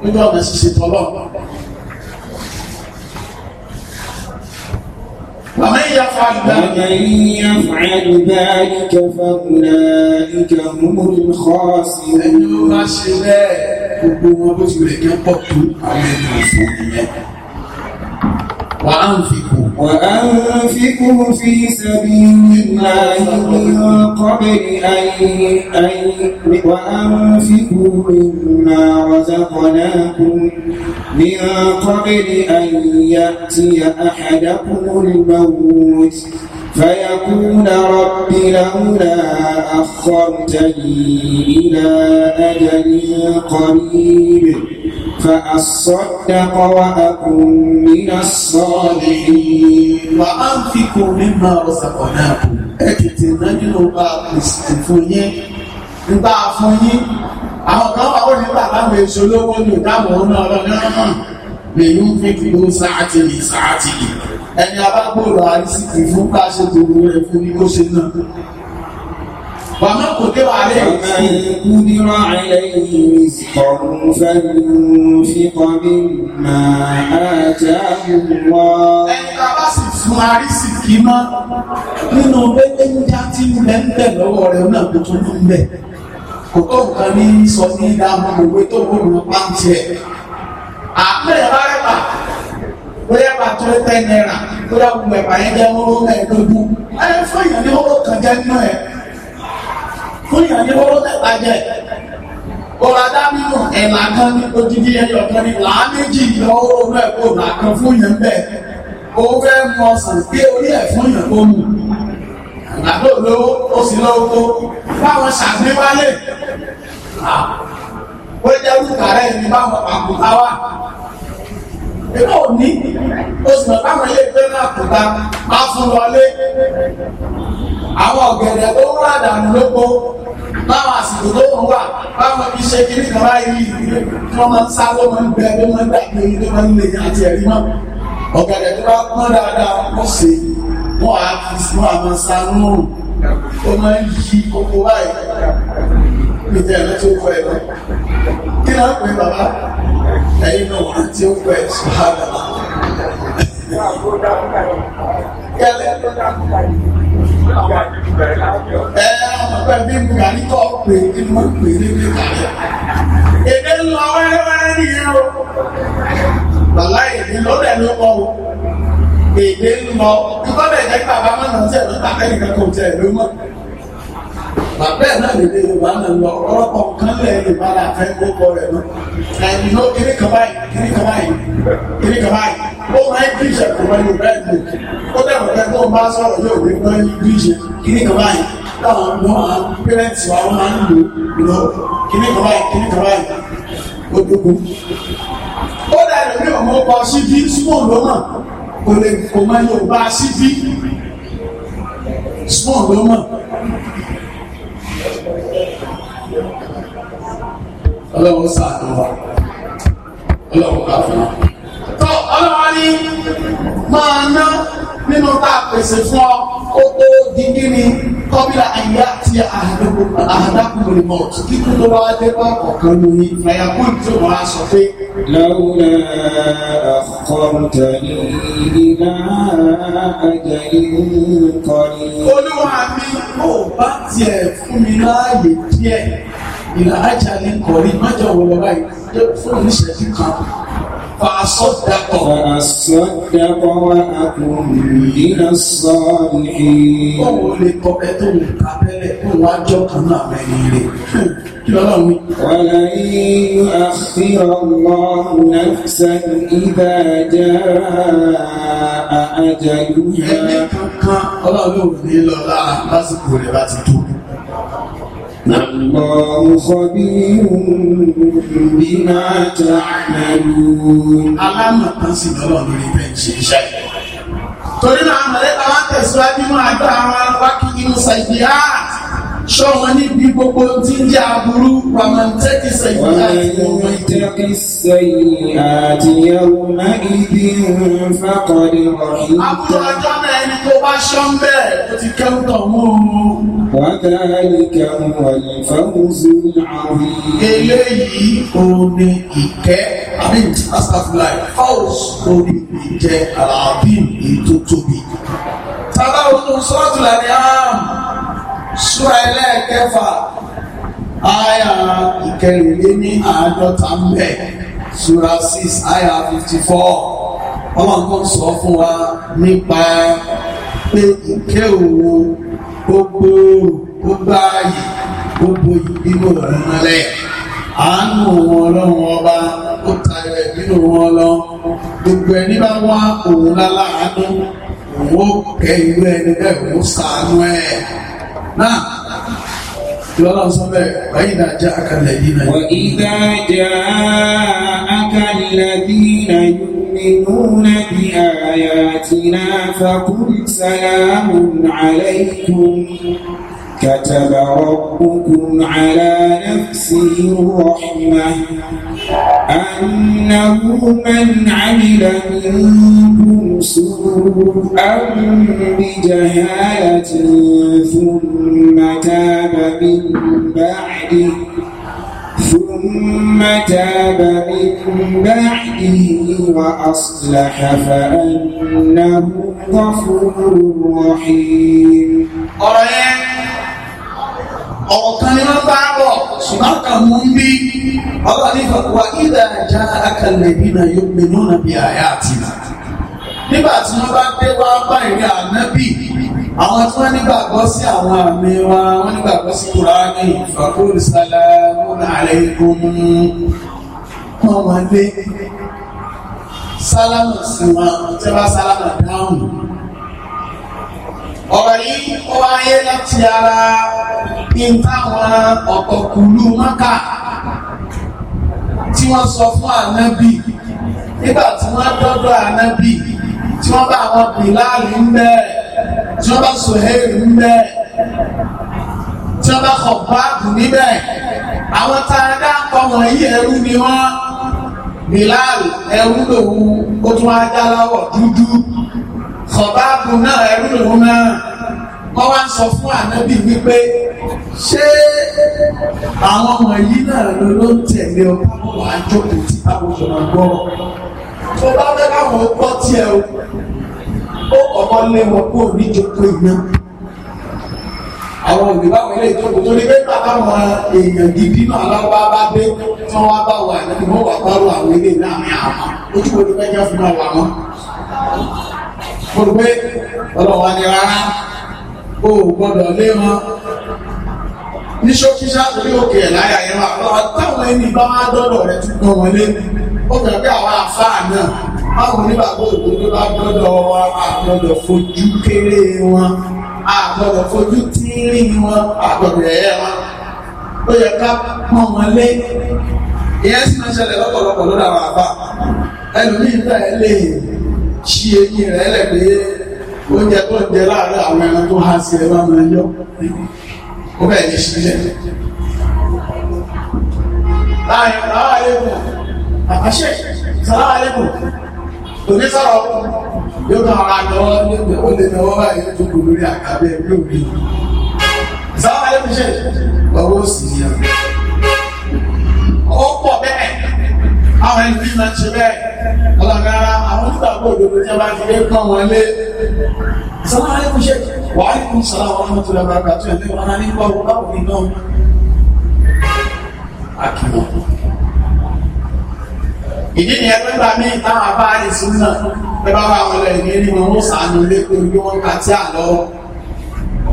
lójú ọ̀nà ṣiṣẹ́ tọ́lọ́. ومن يفعل ذلك فأولئك هم الخاسرون. وأنفقوا وأنفقوا في سبيل الله من قبل أن أن وأنفقوا مما رزقناكم من قبل أن يأتي أحدكم الموت فيقول رب لولا أخرتني إلى أجل قريب فأصدق وأكن من الصالحين وأنفقوا مما رزقناكم ẹ tètè ná nínú bá pèsè fún yín nígbà fún yín àwọn kan wà wọ́n nígbà láwọn èso lówó ní ìdáàbò ọ̀nà ọlọ́run náà lèyí ń fi kìló sáàtì lè sáàtì lè ẹni abágbòrò àrísìkì fún bá ṣe tòun rẹ̀ fún ní kó ṣe náà وما قدر عليه ومن قدر عليه رزقه فلينفق مما آتاه الله fún arísìkí mọ́ nínú bẹ́ẹ̀ ń já tí ń bẹ́ ń bẹ̀ lọ́wọ́ rẹ̀ náà kò tún ń bẹ̀ kò tó nǹkan ní sọ ní ìdáhùn òwe tó wù ú pàǹtí ẹ̀ àpẹẹrẹ bá rẹ̀ bà bóyá bá tó tẹ́ náírà bóyá gbogbo ẹ̀bà yẹn jẹ́ wọ́n lọ́wọ́ mẹ́ẹ̀ẹ́dógún ẹ̀ fún èèyàn ní kan jẹ́ nínú ẹ̀ fún yàn ní owó tẹ̀gbà jẹ ọ̀rọ̀ adámínú ẹ̀là kan ní odidi ẹyọ kan ní làá méjì yọ owó rẹ̀ kó là kan fún yàn bẹ́ẹ̀ owó fẹ́ mú ọsàn gbé orí ẹ̀ fún yàn kó mú àgbàdo lówó ó sì lọ́wọ́ kó báwọn ṣàgbéwálé ó jẹ́ olùkàrẹ́ ní báwọn àkùtà wá èmi ò ní oṣù náà báwọn ilé ìgbé náà kùtà bá fún wọlé àwọn ọ̀gẹ̀dẹ̀ tó wúrà dànù lóko báwọn àsìkò tó ń wà báwọn fi ṣe kiri kan báyìí ilé tí wọ́n máa ń sá ló máa ń bẹ ló máa ń gbà pé ilé máa ń lè àti ẹ̀rí mọ́ ọ̀gẹ̀dẹ̀ tó bá pọ́n dáadáa wọ́n ṣe wọ́n á fi wọ́n á máa sá máa ń yí kókó báyìí níta ẹ̀rọ tó kọ ẹ̀rọ kí náà pè bàbá ẹ̀yin náà wọ́n ti ń pẹ̀ sùhánà. Kẹ́lẹ́ ẹ àpapọ̀ ẹbí mu gàrí kọ́ pé kí ni wọ́n pè é ní gàrí. èdè ńlọ wẹ́rẹ́wẹ́rẹ́ nìyí o bàbá èdè ló dẹ̀ ló kọ́ o èdè ńlọ ìkọ́bẹ̀ jẹ́ pé àbámọ́ náà ń tẹ̀ lọ́ta kẹ́nìkan kò tẹ̀ ló mọ́ bàbá náà lè lè yorùbá náà lọ ọ̀rọ̀pọ̀ kan lè yorùbá náà fẹ́ kó kọ rẹ̀ lọ. ẹ̀yìn ló kiri kan báyìí kiri kan báyìí kiri kan báyìí ó máa ń kíjẹ kò máa yorùbá ẹ̀ lò ó dẹ̀rọ̀ pé kó bá sọ̀rọ̀ yóò rí gbọ́n yín kíjẹ kiri kan báyìí táwọn ọmọ àwọn pẹ́rẹ́ǹtì wa máa ń lò lọ kiri kan báyìí kiri kan báyìí ó dúkú. ó dàrú bí ọmọ ọkọ síbi small lọ́nà kò lè kò máa yorùbá síbi small lọ́nà ọlọ́run sàánú wa ọlọ́run káfíńsì ọlọ́wọ́ ní máa ná nínú tá a pèsè fún ọ ó tó dídí ni kọ́bílà àyà ti àdákùn rẹ̀ mọ̀ tí kíkú ló wá dé bá ọ̀kan lórí ìfàyàkó ìjọ wọn a sọ pé. lọ́wọ́lá àkọ́ntà ní ìlà àjẹyìn kọ́ni. olúwa mi ò bá tiẹ̀ fún mi láàyè díẹ̀ ìlà àjẹyìn kọ́ni májọ̀ wọlé báyìí fún oníṣẹ́jú kan. فأصدق فأصدق وأكن من الصالحين ولن يؤخر الله نفسا إذا جاء أجلها الله خبير بما تعملون alámọ̀tán sì lọ́rọ̀ lórí bẹ́ẹ̀jì iṣẹ́ torí náà mọ̀lẹ́ta wá tẹ̀síwájú máa gbá àwọn wákì inú sàìdíyà ṣọ́ wọn níbi gbogbo tí ń jẹ́ aburú wà máa ń tẹ́kì sàìdíyà ìwọ̀n tẹ́kì sàìdíyà àtìyàwó náà ibi ń fàkọ̀ọ́dẹ̀ wọ̀nyí. àbúrò ọjọ́ náà ẹni tó bá ṣọ́ ń bẹ́ẹ̀ ó ti kẹ́rù tọ̀ mọ́ o. ذلك هو الفوز العظيم eléyìí òní ìkẹ́ àbí astagfirullah fawz òní ìjẹ aláàbín ètò tóbi. tábà ònú sọ́ọ̀tù làní àm sura ẹlẹ́ẹ̀kẹfà àyà ìkẹrìnlẹ́ ní àádọ́ta mbẹ́ súra six àyà fifty four ọlọ́run kan sọ fún wa nípa pé ìkẹ́ òwò gbogbo ó gbá ààyè ó boyì nínú ọ̀run lẹ̀ àánú wọn ọlọ́run ọba ó tayọ ẹ̀ nínú wọn lọ gbogbo ẹni bá wá òun lálá àánú òun ó kẹ́ irú ẹni bẹ́ẹ̀ òun sàánú ẹ̀ náà lọ́lọ́run sọ bẹ́ẹ̀ báyìí náà já àkàlẹ̀ yìí náà. wọ́n ìgbà já àkàlẹ̀ yìí náà yóò. يؤمنون بآياتنا فقل سلام عليكم كتب ربكم على نفسه الرحمة أنه من عمل منكم سوءا بجهالة ثم تاب من بعده ثم تاب من بعده وأصلح فأنه غفور رحيم ọ̀kan ni wọ́n bá bọ̀ ṣùgbọ́n kan mú bí ọlọ́run ní ìfọ̀kùwà ìdá ajá akẹ́lẹ̀ bí na yóò pè nínú bí àyà àti ìlà. nígbà tí wọ́n bá dé wá bá ànábì àwọn tí wọ́n nígbàgbọ́ sí àwọn àmì wa wọ́n nígbàgbọ́ sí kùránì ìfọ̀kùrù sálá wọn àlẹ́ ìgbóhùn kọ́ wọn lé sálámù sí wọn tí wọ́n bá sálámù dáhùn ọ̀rọ̀ yìí ó wáyé láti ara ìtawọn ọ̀kọ̀kùlù mọ́kà tí wọ́n sọ fún ànábì nígbà tí wọ́n dọ́dọ̀ ànábì tí wọ́n bá àwọn bìláàlì ń bẹ tí wọ́n bá sòhèrè ń bẹ tí wọ́n bá kọ̀báàbù níbẹ̀ àwọn tá a dá kọ́ wọ̀nyí ẹrú ni wọ́n bìláàlì ẹrú lòun ó tún á dá láwọ̀ dúdú kọ̀báàbù náà ẹrú lòun náà wọ́n wá ń sọ fún ànábì wípé ṣé àwọn ọmọ yìí náà ló ló ń tẹ̀lé ọ káwọn wàá jókòó tí káwọn gbọ́ tó bá fẹ́ káwọn gbọ́ tiẹ̀ o ó kọ́kọ́ lé wọn kó níjókòó iná àwọn òbí báwọn ilé ìjókòó tó ní pé bàbá wọn èèyàn gidi náà lọ́wọ́ bá dé tí wọ́n bá wà ní ìmọ̀wá bá rò àwọn ilé náà ní àwọn ojú olùgbé ọlọ́wà ni rárá o gbọ́dọ̀ lé wọn ní ṣókíṣá torí òkè láyà yẹn wà lọ́wọ́ táwọn ẹni bá wá dọ́dọ̀ rẹ̀ tún gbọ́n wọlé ó kàn pé àwọn àfáà náà báwọn onígbàgbọ́ òkú tó bá gbọ́dọ̀ wa àgbọ́dọ̀ fojú kéré wọn àgbọ́dọ̀ fojú tíírí wọn àgbọ́dọ̀ ẹ̀yẹ wọn ó yẹ ká pọ́n wọn lé ìyẹn sì máa ṣẹlẹ̀ lọ́pọ̀lọpọ̀ lọ́dọ̀ àwọn àfáà ẹlòmíín náà lè ṣí eyín rẹ̀ lẹ́gbẹ̀ẹ́ oúnjẹ tó ń jẹ láàárọ̀ àwọn ẹran tó há sí ẹran máa yọ ó bẹ̀rẹ̀ ní sílẹ̀. láàrin aláàlẹ́kùn àkàṣe sàláàlẹ́kùn òní sọ̀rọ̀ yóò kàn ra lọ́wọ́ lẹ́gbẹ̀ẹ́ ó lè lọ́wọ́ báyìí tó kù lórí àkàbẹ̀ yóò rí sàláàlẹ́kùn ṣe ọwọ́ sì ni ó pọ̀ bẹ́ẹ̀ àwọn ẹni tí náà ṣe bẹ́ẹ̀ ọlọ́gara àwọn onígbàgbọ́ òdodo tí a bá fi lé pọ́n wọn lé. sọlá alẹ́ kò ṣe wàá rí kún sọlá wọn mọ́tò lọ́wọ́ àgbà tó ẹ̀mí wọn ní gbọ́ wọn báwo ni náà. àkìmọ̀ ìdí ni ẹgbẹ́ gbà mí táwọn abá rẹ̀ sí náà ẹ bá wà wọn lẹ̀ ní ẹni wọn ó sàánú lé pé ojú wọn kà tí à lọ́wọ́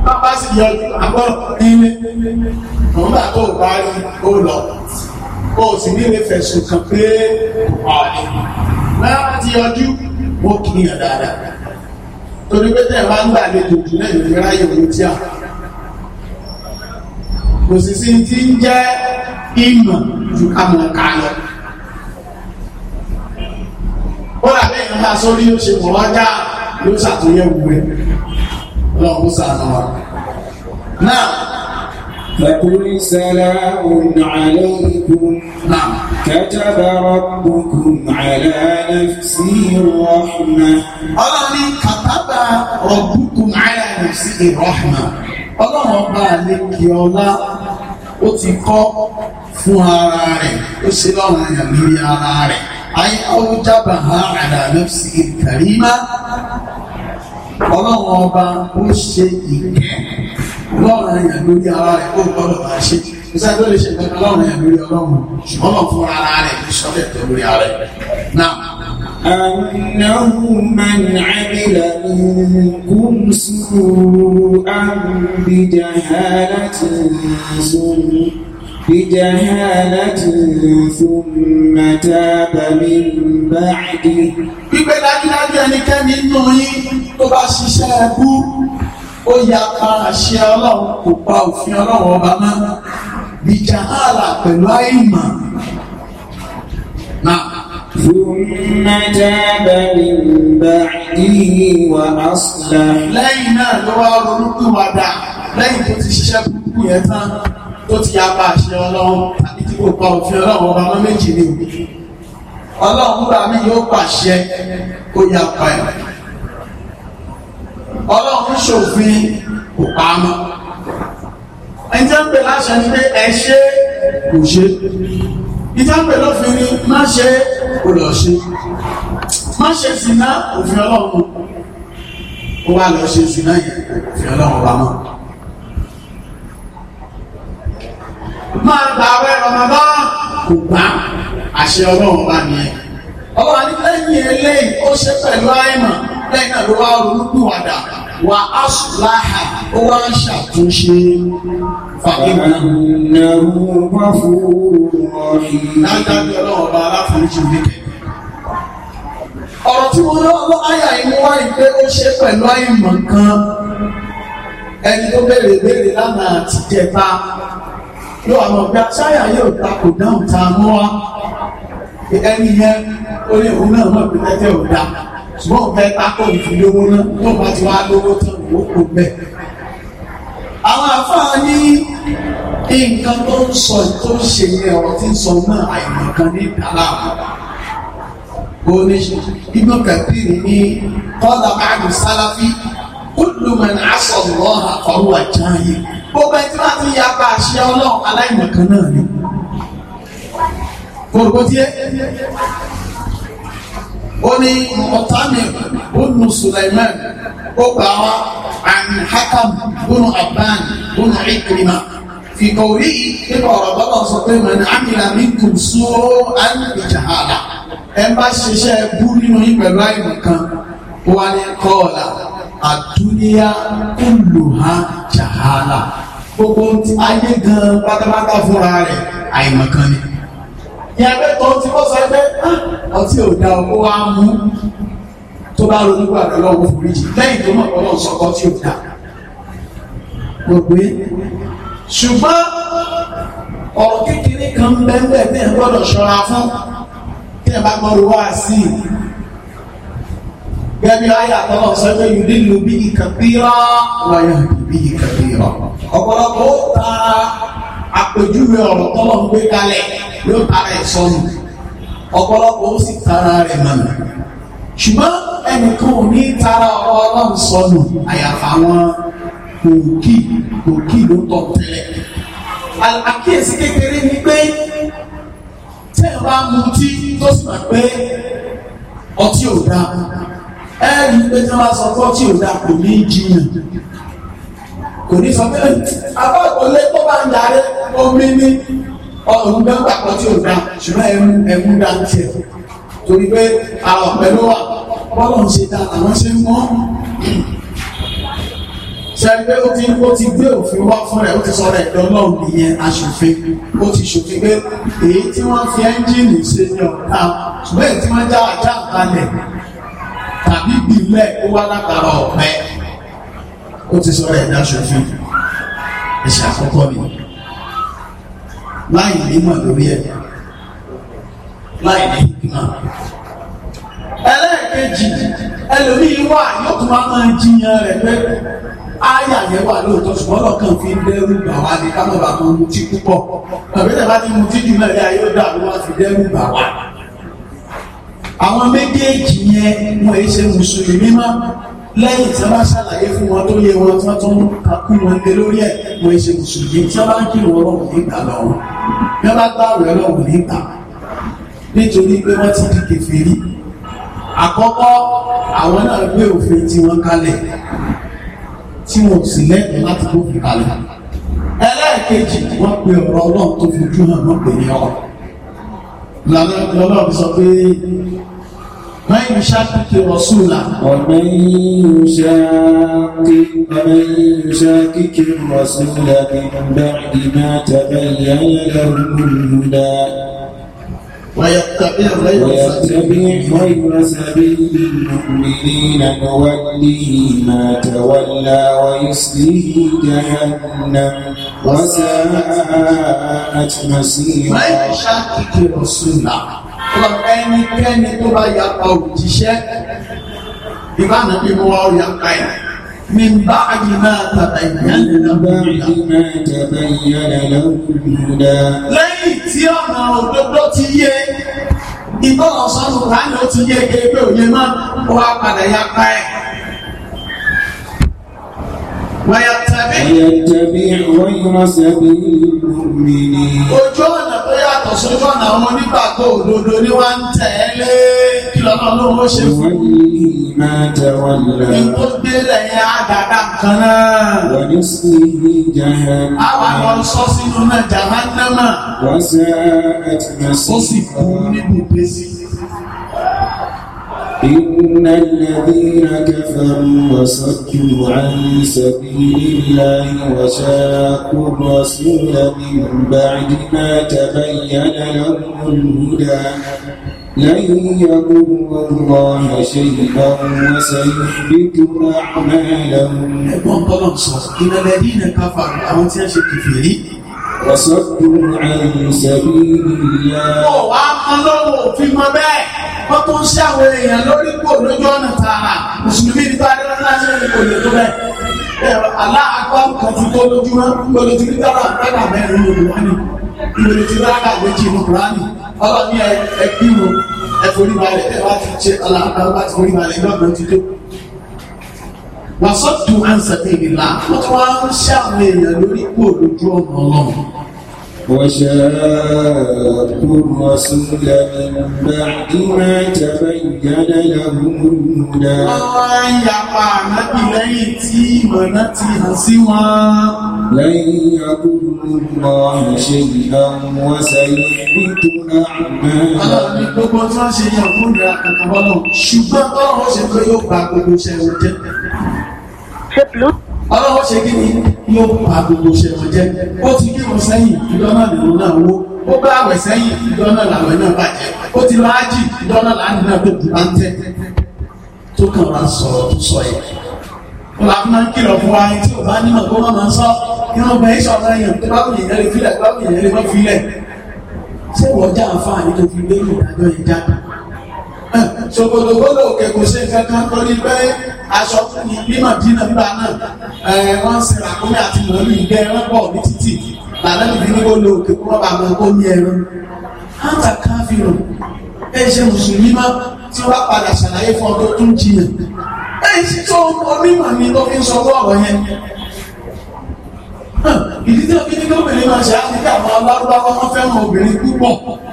bá bá sì yọ àgbọ̀ ní ilé òun gbà tó bá rí ó lọ o sì ní ilé fẹ̀sùn kan pé ààrẹ láti ọdún wọn kì í yàn dáadáa torí pé tẹ̀ máa ń gbà àlejò jù náà ìrìn ráyè òun tí a kò sì sí ti ń jẹ́ ìmọ̀ ju ká mọ̀ ká lọ ó rà bẹ́ẹ̀ ń bá sórí ó ṣe mọ̀ wájà ló ṣàtúnyẹ̀wò rẹ̀ lọ́wọ́ sàánú wa náà. فقل سلام عليكم كتب ربكم على نفسه الرحمة ọlọ́ni kàtàbà ربكم على نفسه الرحمة ọlọ́run ọba àlekè ọlá ó ti kọ́ fún ara rẹ̀ ó ṣe lọ́rùn èèyàn lórí ara rẹ̀ ayé àwùjábà ha àdá nafsi karima ọlọ́run ọba ó ṣe ìkẹ́ lọ́rùn ẹ̀yàn lórí ara rẹ̀ ó gbọ́dọ̀ máa ṣe ìṣe tó lè ṣe ìgbẹ́ni lọ́rùn ẹ̀yàn lórí ọlọ́run ṣùgbọ́n lọ fún ara rẹ̀ ní sọ́lẹ̀ tó lórí ara rẹ̀ أنه من عمل منكم سوءا بجهالة ثم بجهالة ثم تاب من بعده ó ya paraṣẹ ọlọ́run kò pa òfin ọlọ́run ọba mọ́ bìjàhálà pẹ̀lú àìmọ̀ náà. ثم تاب من بعده وأصلح lẹ́yìn náà ló wá ronúpìwàdà lẹ́yìn tó ti ṣiṣẹ́ burúkú yẹn tán tó ti yapa àṣẹ ọlọ́run tàbí tí kò pa òfin ọlọ́run ọba mọ́ méjì ni ọlọ́run gbà mí yóò pàṣẹ kó yapa ẹ̀ ọlọ́run ṣòfin kò pa mọ́ ẹjẹ́ ń pè láṣẹ ní pé ẹ ṣe kò ṣe ìjẹ́ ń pè lófin ni má ṣe kò lọ ṣe má ṣe sìná òfin ọlọ́run ó wá lọ ṣe sìná yìí òfin ọlọ́run ọba mọ́ máa gbà wẹ́ rọmọbá kò gbà àṣẹ ọlọ́run ọba nìyẹn ọlọ́run àti lẹ́yìn eléyìí ó ṣe pẹ̀lú àìmọ̀ lẹ́yìn náà ló wá ronúpìwàdà wà á láhà ó wá ń ṣàtúnṣe fàkínà. ìnáwó wà fún ọ̀rìn. dájúdájú ọlọ́run ọba aláforíjì ní kẹ ọ̀rọ̀ tí mo lọ́wọ́ àyà ìmú wá ìpé ó ṣe pẹ̀lú àìmọ̀ kan ẹni tó béèrè béèrè lánàá àti jẹta ló àwọn ọ̀gá ṣáyà yóò ta kò dáhùn ta mọ́ wa ẹni yẹn ó lè òun náà mọ̀ pé tẹ́tẹ́ ò dáa ṣùgbọ́n ọ̀pẹ pápọ̀ ìfìlówó náà tó bá ti wá lówó tán ìwó kò bẹ́ẹ̀. àwọn àfáà ní nǹkan tó ń sọ tó ń ṣe ní ọ̀rọ̀ tí ń sọ náà àìmọ̀kan ní ìdálá òní ibùdó kàbírì ní kọ́lá báàgì sáláfí kúlùmọ̀nì asọ̀lọ́ àkọ́rù àjáyé gbogbo ẹni tí wọ́n ti ya bá àṣẹ ọlọ́run aláìmọ̀kan náà ni. kòròkó tiẹ́ ó ní ọ̀tàmìr bùnú Sulaiman ó gbà wá àmì Hakam bùnú Abban bùnú Ikrima fi kọ̀wé nípa ọ̀rọ̀ bọ́lá sọ pé mọ̀ ní amìlà mi kù sí ó án ìjàhálà ẹ bá ṣiṣẹ́ bú nínú yín pẹ̀lú àìmọ̀ kan wà ní kọ́ọ̀là àdúnyá kúlùhà jàhálà gbogbo ayé gan pátápátá fúnra rẹ̀ àìmọ̀ kan ni ìyá mẹ́tọ́ tí wọ́n sọ pé ọtí ò da ọkọ wa mú tó bá ronú gbàgbọ́ lọ́wọ́ foríjì lẹ́yìn tó mọ̀ ọlọ́run sọkọ tí ò da gbogbo ṣùgbọ́n ọ̀rọ̀ kékeré kan bẹ́ẹ̀ bẹ́ẹ̀ gbọ́dọ̀ ṣọ́ra fún kí ẹ bá gbọ́ wá sí i gẹ́bí ayà tọ́lọ̀ sẹ́gbẹ́ yìí lílo bí ìkàbíra wáyà bí ìkàbíra ọ̀pọ̀lọpọ̀ ó ta àpèjúwe ọ̀rọ̀ tọ́lọ̀ ń gbé kalẹ̀ yóò tara ẹ̀ sọnù ọ̀pọ̀lọpọ̀ ó sì tara rẹ̀ mọ̀nà ṣùgbọ́n ẹnìkan ò ní tara ọ̀rọ̀ ọlọ́run sọnù àyàfà àwọn kòkì kòkì ló tọ̀ tẹ́lẹ̀ àkíyèsí kékeré ni pé tẹ́ ẹ bá mutí tó sì mọ̀ pé ọtí ò dáa ẹ rí i pé tí wọ́n bá sọ pé ọtí ò dáa kò ní í jiyàn kò ní sọ pé abá òkòlé tó bá ń darí omi ní ọ̀hún gbẹ́ngbà kan tí ò dá ṣùgbọ́n ẹ̀mú ẹ̀mú dá ń tiẹ̀ torí pé àwọn pẹ̀lú wa bọ́lọ̀ ń ṣe dá àwọn ṣe ń wọ́n sẹ́ni pé ó ti ó ti gbé òfin wá fún rẹ̀ ó ti sọ rẹ̀ lọ́lọ́run nìyẹn aṣòfin ó ti ṣòfin pé èyí tí wọ́n fi ẹ́ńjìnì ṣe ni ọ̀tá ṣùgbọ́n èyí tí wọ́n já àjá àkálẹ̀ tàbí gbìlẹ̀ ó wá látara ọ̀pẹ ó ti sọ̀rọ̀ ẹ̀dá ṣòfin ẹ̀ṣẹ̀ àkọ́kọ́ ni láì nímọ̀ lórí ẹ̀ láì ní ìgbìmọ̀. ẹlẹ́ẹ̀kejì ẹlòmíì wà yóò tún wá máa jiyàn rẹ̀ pé áyà yẹn wà lóòótọ́ ṣùgbọ́n lọ́kàn fi ń dẹ́rù bà wá ní kámọ́ bá máa mutí púpọ̀ tàbí tẹ̀ bá ti mutí jù náà yá yóò dàrú wá fi dẹ́rù bà wá. àwọn méjèèjì yẹn wọ́n èé ṣe mùsùlùmí mọ́ lẹ́yìn tí wọ́n bá ṣàlàyé fún wọn tó yẹ wọn tí wọ́n tún kakú wọn lé lórí ẹ̀ wọ́n ṣe mùsùlùmí tí wọ́n bá ń kí wọn ọlọ́run nígbà lọ́wọ́ bí wọ́n bá gbà rẹ̀ ọlọ́run nígbà nítorí pé wọ́n ti di kèfèrí àkọ́kọ́ àwọn náà gbé òfin tí wọ́n kalẹ̀ tí wọn ò sì lẹ́tọ̀ọ́ láti gbófin kalẹ̀ ẹlẹ́ẹ̀kejì wọ́n pe ọ̀rọ̀ ọlọ́run tó fojú hàn wọ́n pè ní ọ̀rọ̀ lọ́lọ́run يشاقق الرسول ومن يشاقق ومن يشاقق الرسول من بعد ما تبين له الهدى ويتبع غير سبيل المؤمنين نوليه ما تولى ويسليه جهنم وساءت مسيرا من يشاقق الرسول ẹnikẹ́ni tó bá yapa òjíṣẹ́ ìbánu bí mo wá ó yapa ẹ̀ min báyìí máa tabayyana lahumul huda. lẹ́yìn tí ọ̀nà òdodo ti yé ìbọ̀lọ̀sọ́nù ránì ó ti yé gẹ́gẹ́ òye máa wá padà yapa ẹ̀ wàyàtàbí غير سبيل المؤمنين ojú ọ̀nà tó yàtọ̀ sójú ọ̀nà àwọn onígbàgbọ́ òdodo ni wọ́n ń tẹ̀lé kí lọ́nà ló ń ṣe fún un. tó gbélé àgàgà kan náà. wọ́n ní sí ní jahannama. àwọn àwọn sọ sínú náà jahannama. wọ́n sẹ́ ẹ̀ tẹ̀lé sí. sì kú níbi ìgbésí. إن الذين كفروا وصدوا عن سبيل الله وشاقوا الرسول من بعد ما تبين لهم الهدى لن يضر الله شيئا وسيحبط أعمالهم إن الذين كفروا وصدوا عن سبيل الله. wọ́n tó ń ṣe àwọn èèyàn lórí kò lójú ọ̀nà tààrà mùsùlùmí ní bá adéwọ́n náà ṣe kò lè tó bẹ́ẹ̀. ẹ̀rọ aláàgbà kan ti tó lójúmọ́ olójú ní tọ́lá àgbàgbà mẹ́rin ní olùwọ́n ni ìwé ti rákà méjì ní kùránì ọlọ́ọ̀ni ẹgbẹ́ ìwò ẹ̀fọ́ríbalẹ̀ ẹ̀ bá ti ṣe aláàgbà bá ti foríbalẹ̀ ìgbàgbọ́ ti tó wàsọ́tù ànsàtì ìlà wọ́n tún wá ń ṣàwọn èèyàn lórí kò lójú ọ̀nà ọlọ́run وشاقوا الرسول من بعد ما تبين لهم الهدى àwọn yapa ànábì lẹ́yìn tí ìmọ̀nà ti hàn sí wọn. لن يضروا الله شيئا وسيحبط أعمالهم. Ọlọ́run ní gbogbo tí wọ́n ṣe yàn fún ìrìn àkàkọ́ náà ṣùgbọ́n báwọn ṣe fẹ́ yóò gba gbogbo iṣẹ́ wọn jẹ́ ọlọ́wọ́ ṣe kí ni yóò pa gbogbo ṣe wọn jẹ ó ti kírun sẹ́yìn ìjọ náà lòun náà wó ó bá àwẹ̀ sẹ́yìn ìjọ náà làwẹ̀ náà bàjẹ́ ó ti lọ ájì ìjọ náà láàánú náà tó dùn bá ń tẹ́ tó kàn wá sọ̀rọ̀ tó sọ yẹ. wọn làá máa ń kìlọ̀ fún wa tí ò bá nímọ̀ kó má máa sọ irun bẹ́ẹ̀ sọ̀rọ̀ yẹn tó bá wùyẹn yẹn lè filẹ̀ tó bá wùyẹn yẹn lè má filẹ̀ ṣé wọ́n já àǹfààní sòkòtòkòtò kẹ̀kọ́ ṣe kankan lórí pé aṣọ ní bímọ dínà nígbà náà wọ́n ṣe ràkúnmí àti mọ̀lú ìgbẹ́ ẹran pọ̀ ní títì lànà ìdí ní kó lo òkè kó má bàa mọ kó ní ẹran. áńtà káfíìrùn ẹ ṣe mùsùlùmí má tí wọ́n padà ṣàlàyé fún ọdún tó ń jiyàn. ẹ ṣe tó onímọ̀ ni ló fi ń sọ ọ̀rọ̀ yẹn. ìdí tí wọ́n fi ní kí obìnrin máa ṣe á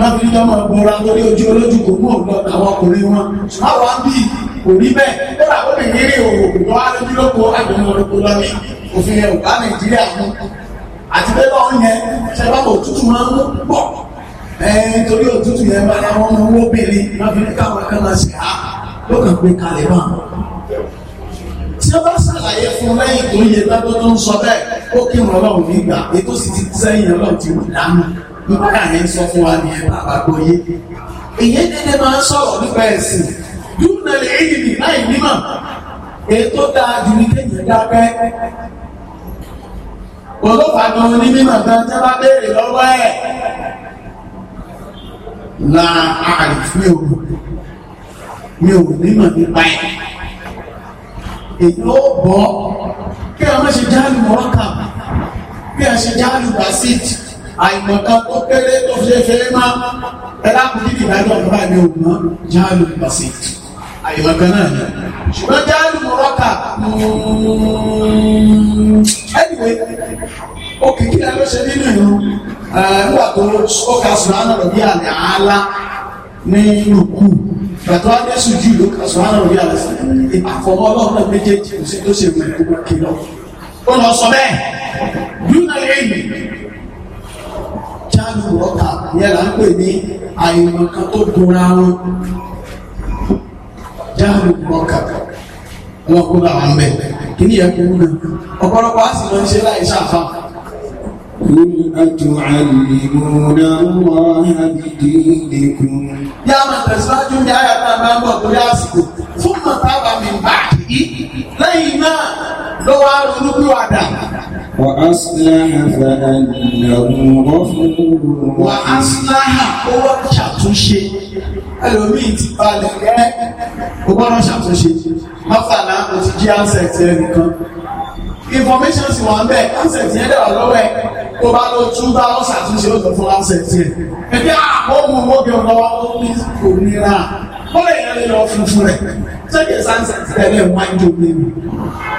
lọ́bìnrin lọ́mọ ìgbòra lórí ojú olójú kò mú òun lọ́dọ̀ àwọn ọkùnrin wọn ṣùgbọ́n àwọn bí kò rí bẹ́ẹ̀ lọ́la ó lè rí òwò wọn á lójú lóko àjọmọ̀ olóko lọ́mí òfin ẹ̀ òbá nàìjíríà mú àti pé bọ́ọ̀ yẹn ṣẹlọ́mọ òtútù máa ń pọ̀ ẹ̀ẹ́n torí òtútù yẹn bá ra wọn mú obìnrin lọ́bìnrin káwọn kan máa ṣe á ló kàn gbé kalẹ̀ náà tí ó bá ṣàlàyé fún lẹ́yìn tó yẹ lọ́dọ́ tó ń sọ bẹ́ẹ̀ ó kí wọn lọ́wọ́ nígbà ètò sì ti sẹ́yìn ọlọ́run ti wù dáná dókítà mi ń sọ fún wa ní ẹ̀rọ àgbàgbọ́yé èyí dédé máa ń sọ̀rọ̀ nípa ẹ̀sìn dúnà lè èyí ni láì mímọ̀ ètò dáa jù ní kéèyàn dábẹ́ ọlọ́pàá gan ní mímọ̀ gan tẹ́ bá béèrè lọ́wọ́ ẹ̀ la àrífí òru mi ò nímọ̀ nípa ẹ̀ èyí ó bọ́ kí a má ṣe jáàlù mọ́ọ́kà kí a ṣe jáàlù basíìtì àìmọ̀kan tó kéré tó ṣe ṣe é máa ẹ̀rá kù kí ìdájọ́ ọ̀gá mi ò mọ́ jáàlù ìpàṣẹ àìmọ̀kan náà ni ṣùgbọ́n jáàlù mọ̀rọ́kà ẹ̀dìwé òkè kí ló ṣe nínú ìlú ẹ̀rọ àtò ọkà sùnánà rọ̀bí àlẹ́ àálá ní ìlúkù gbàtọ́ adéṣù jù ló kà sùnánà rọ̀bí àlẹ́ àfọwọ́ ọlọ́run méjèèjì kò sí tó ṣe mọ̀ ẹ̀kọ́ kí lọ. ó lọ sọ bẹ́ẹ̀ dúnà alùwọ́kà yẹn là ń pè ní àìmọ̀kan tó gunra wọn jáàmù mọ́kà wọn kó bá wọn bẹ̀ kí ni yẹn kúrú náà ọ̀pọ̀lọpọ̀ á sì lọ ṣe láì ṣàfà. قل أتعلمون الله بدينكم يا من تسواجون دي آية ما بقول ياسكو ثم تاب من بعده لئن لو أردوا أدام وأصلح فأنه غفور وأصلح هو ṣàtúnṣe ẹlòmíì ti balẹ̀ gẹ́ o gbọ́dọ̀ ṣàtúnṣe mọ́fàlá o ti jí ansẹ̀tì ẹ nìkan information sì wọ́n bẹ́ẹ̀ ansẹ̀tì yẹn dẹ̀wà lọ́wọ́ ẹ̀ o bá lọ tún bá ọ ṣàtúnṣe ó lọ fún ansẹ̀tì ẹ̀ ẹgbẹ́ àkókò mọ́bí ọlọ́wọ́ ó ní kò nira ó lè yẹn lọ funfun rẹ̀ ṣé kí ẹ sáńsẹ̀tì ẹ̀ lẹ́ẹ̀ wáńjọ mi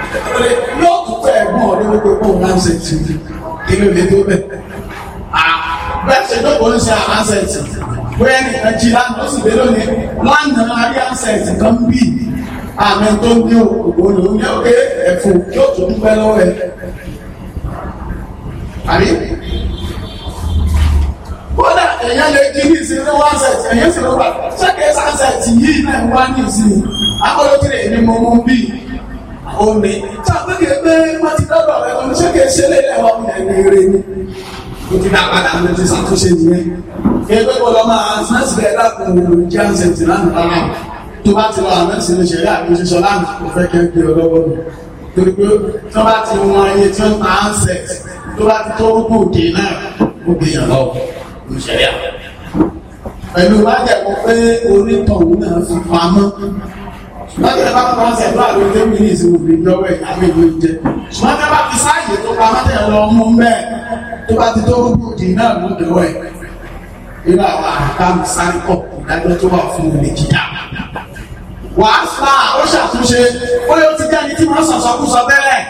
lọ́kùnkùn ẹ̀gbọ́n ọ̀dọ́ gbogbo ẹ̀gbọ́n nọ́ọ̀sẹ̀tì kílò lè tó bẹ̀. bẹ́ẹ̀ ló kọ́ ń ṣe àhánsẹ̀tì bóyá nìkan jí lánàá ó sì dé lónìí lánàá arí àhánsẹ̀tì kan bí àmì tó ní òkòkò ní oúnjẹ òkè ẹ̀fọ́ yóò tó dúpẹ́ lọ́wọ́ ẹ̀. àbí kódà èèyàn lè di ní ìsinmi one set èèyàn sì lọ́wọ́ ṣé kìí sáńsẹ̀tì yìí náà wá ní ìsinmi akọ́lókèrè ni mo mú bíi òun ni tá a gbẹ́gẹ̀ pé wọ́n ti dábàá rẹ̀ wọ́n ṣé kìí ṣe lé ẹ̀wọ̀n mi ẹ̀mí rẹ̀ ni o ti dá padà lọ ti ṣàtúnṣe nìyẹn ẹgbẹ́ gbọ́dọ̀ máa àtúnṣe rẹ̀ dákun jẹ́ àǹsẹ̀tì lánàá rárá tó bá ti lọ àmẹ́sì ní ṣẹ̀rí àgbéṣiṣọ lánàá kò fẹ́ kẹ́ gbé ọlọ́wọ́ mi torí pé tó bá ti wọn iye tí wọ́n máa ń sẹ̀ tó bá ti tó rúkú òkè náà ó gbìyàn lọ́wọ́ ní ṣẹ̀rí pẹ̀lú wájà kó pé onítọ̀hún mọ́tẹ́ bá kọ́ ọ̀sẹ̀ tó àlọ́ tẹ́ mílí ìsìn òbí lọ́wọ́ ẹ̀ agbègbè jẹ mọ́tẹ́ bá fi sáàyè tó pa mọ́tẹ́ lọ mú mẹ́ẹ̀ tó bá ti tó rúgbò dì náà ló dẹ̀wọ́ ẹ̀ nínú àwọn àkàmù sáńkọ̀ ìdájọ́ tó wà fún olè jíjà wàá fà ó ṣàtúnṣe ó yóò ti jẹ́ ẹni tí wọ́n sọ̀sọ́kúsọ tẹ́lẹ̀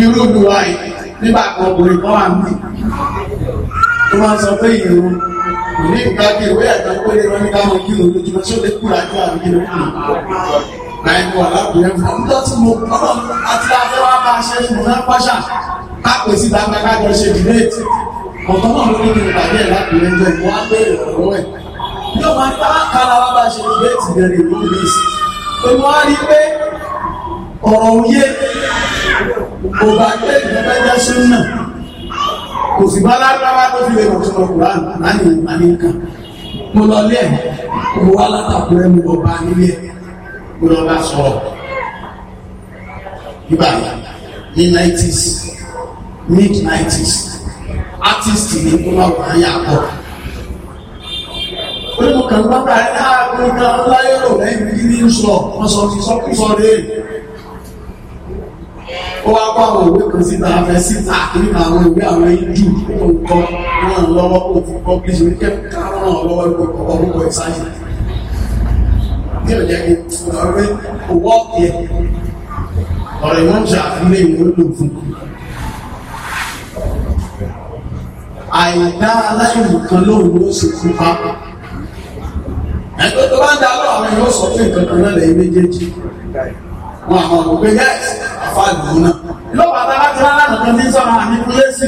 irú olùwà yìí nígbà kan obìnrin kan wà ní tó máa sọ pé ìrún kò ní nǹkan bí ìwé ẹ̀ka kó lè rán ní káwọn kí ló lójúmọ́ tí ó lè kúrò àti àwọn kí ló kà náà ìwọ alábìyẹn fún ọdún tí mo kọ́nà àti afẹ́ wa bá a ṣe fún un lápáṣà kápò síta ká kájọ ṣe dìbéètì ọ̀tọ̀ náà ló ní kí n pàdé ẹ̀ lábìyẹn jẹ́ ìwọ́n á ọ̀rọ̀ ẹ̀ yóò máa ń kára wa bá a ṣe dìbéètì bẹ̀rẹ̀ ìlú bíìsì olùwọ́ kò sì bá lárúbáwá tó fi lè wọ̀ sọ̀rọ̀ kùrán láti àníkà mo lọ lé ẹ̀ mo wá látàkùrẹ́ mo lọ bá nílé ẹ̀ mo lọ bá sọ̀rọ̀ nígbà ní 90s mid 90s artist ni mo máa wà ní àpọ̀ pé mo kàn bá bàrẹ́ náà pé mo kàn láyọ̀rọ̀ lẹ́yìn bí ní sọ wọ́n sọ ti sọ́kùsọ̀ rẹ̀ ó wá kó àwọn òwe kan síta afẹ́ síta nípa àwọn ìwé àwọn ìjù tó ń kọ́ ràn lọ́wọ́ kó fi kọ́ bí ṣe jẹ́ káràn lọ́wọ́ ìgbọ̀kọ̀ orúkọ ìsáyé ní ọ̀jẹ̀ kí ọ̀rẹ́ owó ọ̀kẹ́ ọ̀rẹ́ wọn ń ṣàfilé ìwé lò fún àìdá aláìmọ̀ kan lóhun ló ṣe fún pápá ẹgbẹ́ tó bá ń dá lọ́wọ́ àwọn yóò sọ fún ìkankan náà lẹ́yìn méjèèjì wọn àmọ́ kò pé yẹ́sì àfàlùmọ́ náà. lọ́wọ́ àtàlà tí wọ́n lánàá kan ti ń sọ̀rọ̀ àmì kúlẹ́sì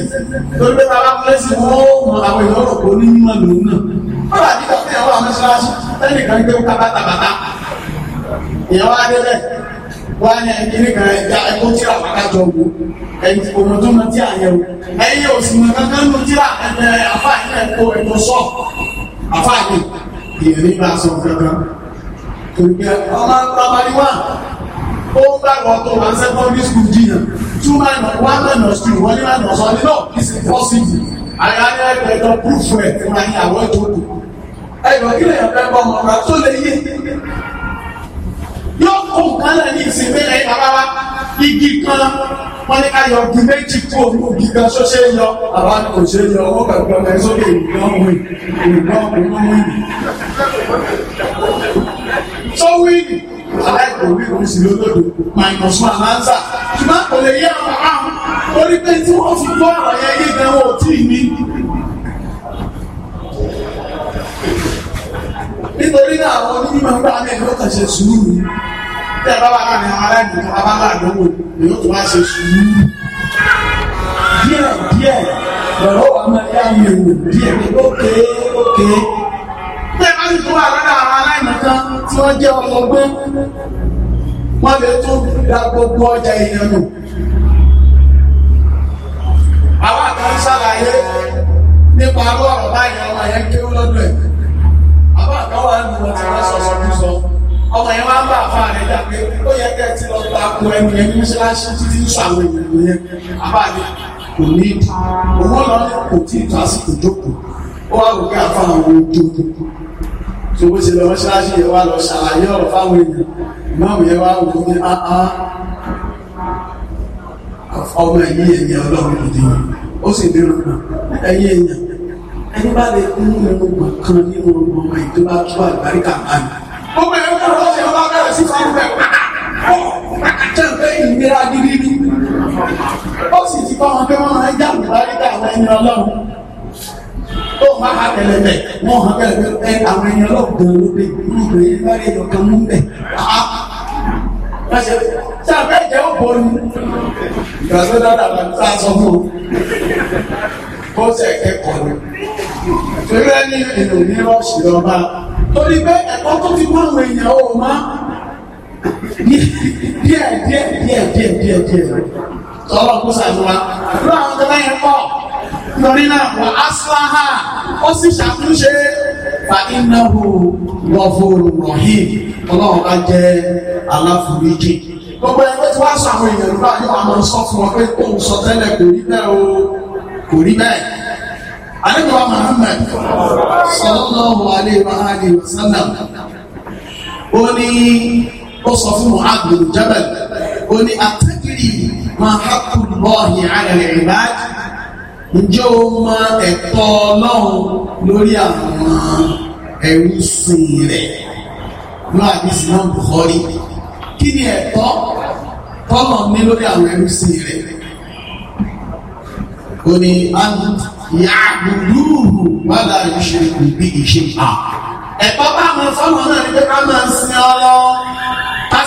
torí pé bàbá kúlẹ́sì wọ́n ó mọ àwọn èèyàn rògbò ní mímọ́ lòun náà. bàbá àdìgbà fún ìyàwó àwọn mẹ́sàlásì ẹnìkan gbé kábàtàbàtà ìyàwó adébẹ̀ wá ní ẹni kan ẹja ẹkọ tíra àpákájọ wo ẹni ọmọ tó mọ tí a yẹ wo ẹyin òsùnmọ kankan ló tíra ẹgbẹ àfáàyè ẹkọ ẹkọ sọ àfáàyè ìyẹn ó ń bá wọn tó wọn secondary school jiyàn two man one man on street one man on sunday náà kì í ṣe possible àyà ni ẹgbẹ́ ẹ̀dọ́ proof rẹ̀ fún ayé àwọn ètò òkú ẹ̀dọ́ kí lèyàn fẹ́ bọ́ ọmọ rà tó lè yé yóò kó nǹkan lẹ̀ ní ìsinmi ẹ̀yìn bàbá wa igi kan wọ́n ní ká yọ ọdún méjì kó igi kan ṣó ṣe é yọ àbá kò ṣe é yọ owó pẹ̀lú ọmọ ẹ̀ sókè ìgbọ́n wí ìgbọ́n wí. sọ wíìnì aláìkòwé oríṣi lódodo minus one lanza ṣùgbọ́n kò lè yé ọ̀rọ̀ àwọn orí pé tí wọ́n fi gbọ́ ọ̀rọ̀ yẹn yé gan wọ́n tí ì ní. nítorí náà àwọn onímọ̀ ń bá mi ẹ̀rọ kan ṣe sùúrù bí ẹ bá wà láàrin àwọn aláìní tó bá bá àdánwò èyí tó bá ṣe sùúrù díẹ̀ díẹ̀ lọ́rọ̀ wà máa yá mi wò díẹ̀ ní ókè ókè. tó a lọ́dọ̀ ala aláìmọ̀kan tí wọ́n jẹ́ ọmọ gbé wọ́n lè tó da gbogbo ọjà èèyàn nù. àwọn nípa ọ̀rọ̀ báyìí ọmọ yẹn ẹ̀. àwọn wà tí wọ́n sọ sọ. ọmọ yẹn wá ń bá àfa rẹ̀ dà pé ó yẹ kẹ́ ẹ ti lọ gba àpò ẹnu yẹn ní mọ́ṣáláṣí títí ń sọ àwọn tó bó ṣe lọ mọ́ṣáláṣí yẹn wá lọ ṣàlàyé ọ̀rọ̀ fáwọn èèyàn máàmù yẹn wá wò ní áá ah, ah. ọmọ ẹ̀yìn èèyàn ọlọ́run lòdì yìí ó sì bí rògbò ẹ̀yìn èèyàn ẹni bá lè kún nínú kan nínú ọmọ ìjọba tó àgbáríkà báyìí. gbogbo ẹ̀rọ kọ́ lọ́sẹ̀ ọba bẹ̀rẹ̀ sí fáwọn bẹ̀rẹ̀ jẹ́ pé ìlera gidi ó sì ti bá wọn pé wọ́n máa ń jà àgbáríkà àwọn ẹni ọlọ́run tó fa akẹlẹbẹ wọn hàn kẹlẹbẹ ẹ àwọn ẹyìn ọlọ́gbọ̀n ló dé nínú ìgbèrè bá rí ẹyọ kan mú bẹ. sábẹ́ ah, ah. jẹ́ ó bọ̀ ni ìgbàsọ́ dáadáa bá tá a sọ fún un bó ṣe kẹ́kọ̀ọ́ ni. torí ẹni èlò ní rọ́ọ̀ṣì lọ́ba torí pé ẹ̀kọ́ tó ti mú àwọn èèyàn ó máa díẹ̀ díẹ̀ díẹ̀ díẹ̀ díẹ̀ díẹ̀ tọ́lọ́ kó sàdúrà lọ́wọ́ àwọn ọ̀gá yẹn pọ̀ torí náà wà á sọ́hà ó sì ṣàtúnṣe fa ináhù lọ́fọ̀rọ̀ rọ̀hìn ọlọ́run bá jẹ́ aláforíjì gbogbo ẹgbẹ́ tí wá sọ àwọn èèyàn nípa yóò àwọn sọ fún wọn pé òun sọ tẹ́lẹ̀ kò rí bẹ́ẹ̀ o kò rí bẹ́ẹ̀ alẹ́bíwá Muhammad sallallahu alaihi wa alihi wa ó ní ó sọ fún Mu'adh bin Jabal ó ní àtẹ́kìrì máa hákùn lọ́ọ̀hìn alẹ́ ìbáàdì ǹjẹ́ o mọ ẹ̀tọ́ ọlọ́run lórí àwọn ẹ̀rú sìn rẹ̀ lọ́wọ́ àdìsí náà Bukhari kí ni ẹ̀tọ́ tọ́lọ̀ ní lórí àwọn ẹ̀rú sìn rẹ̀ o ní yàgùdùrù wàdà ìṣèlú bí ìṣe pa ẹ̀tọ́ bá máa fọ́nà náà ní pé ká máa sin ọlọ́run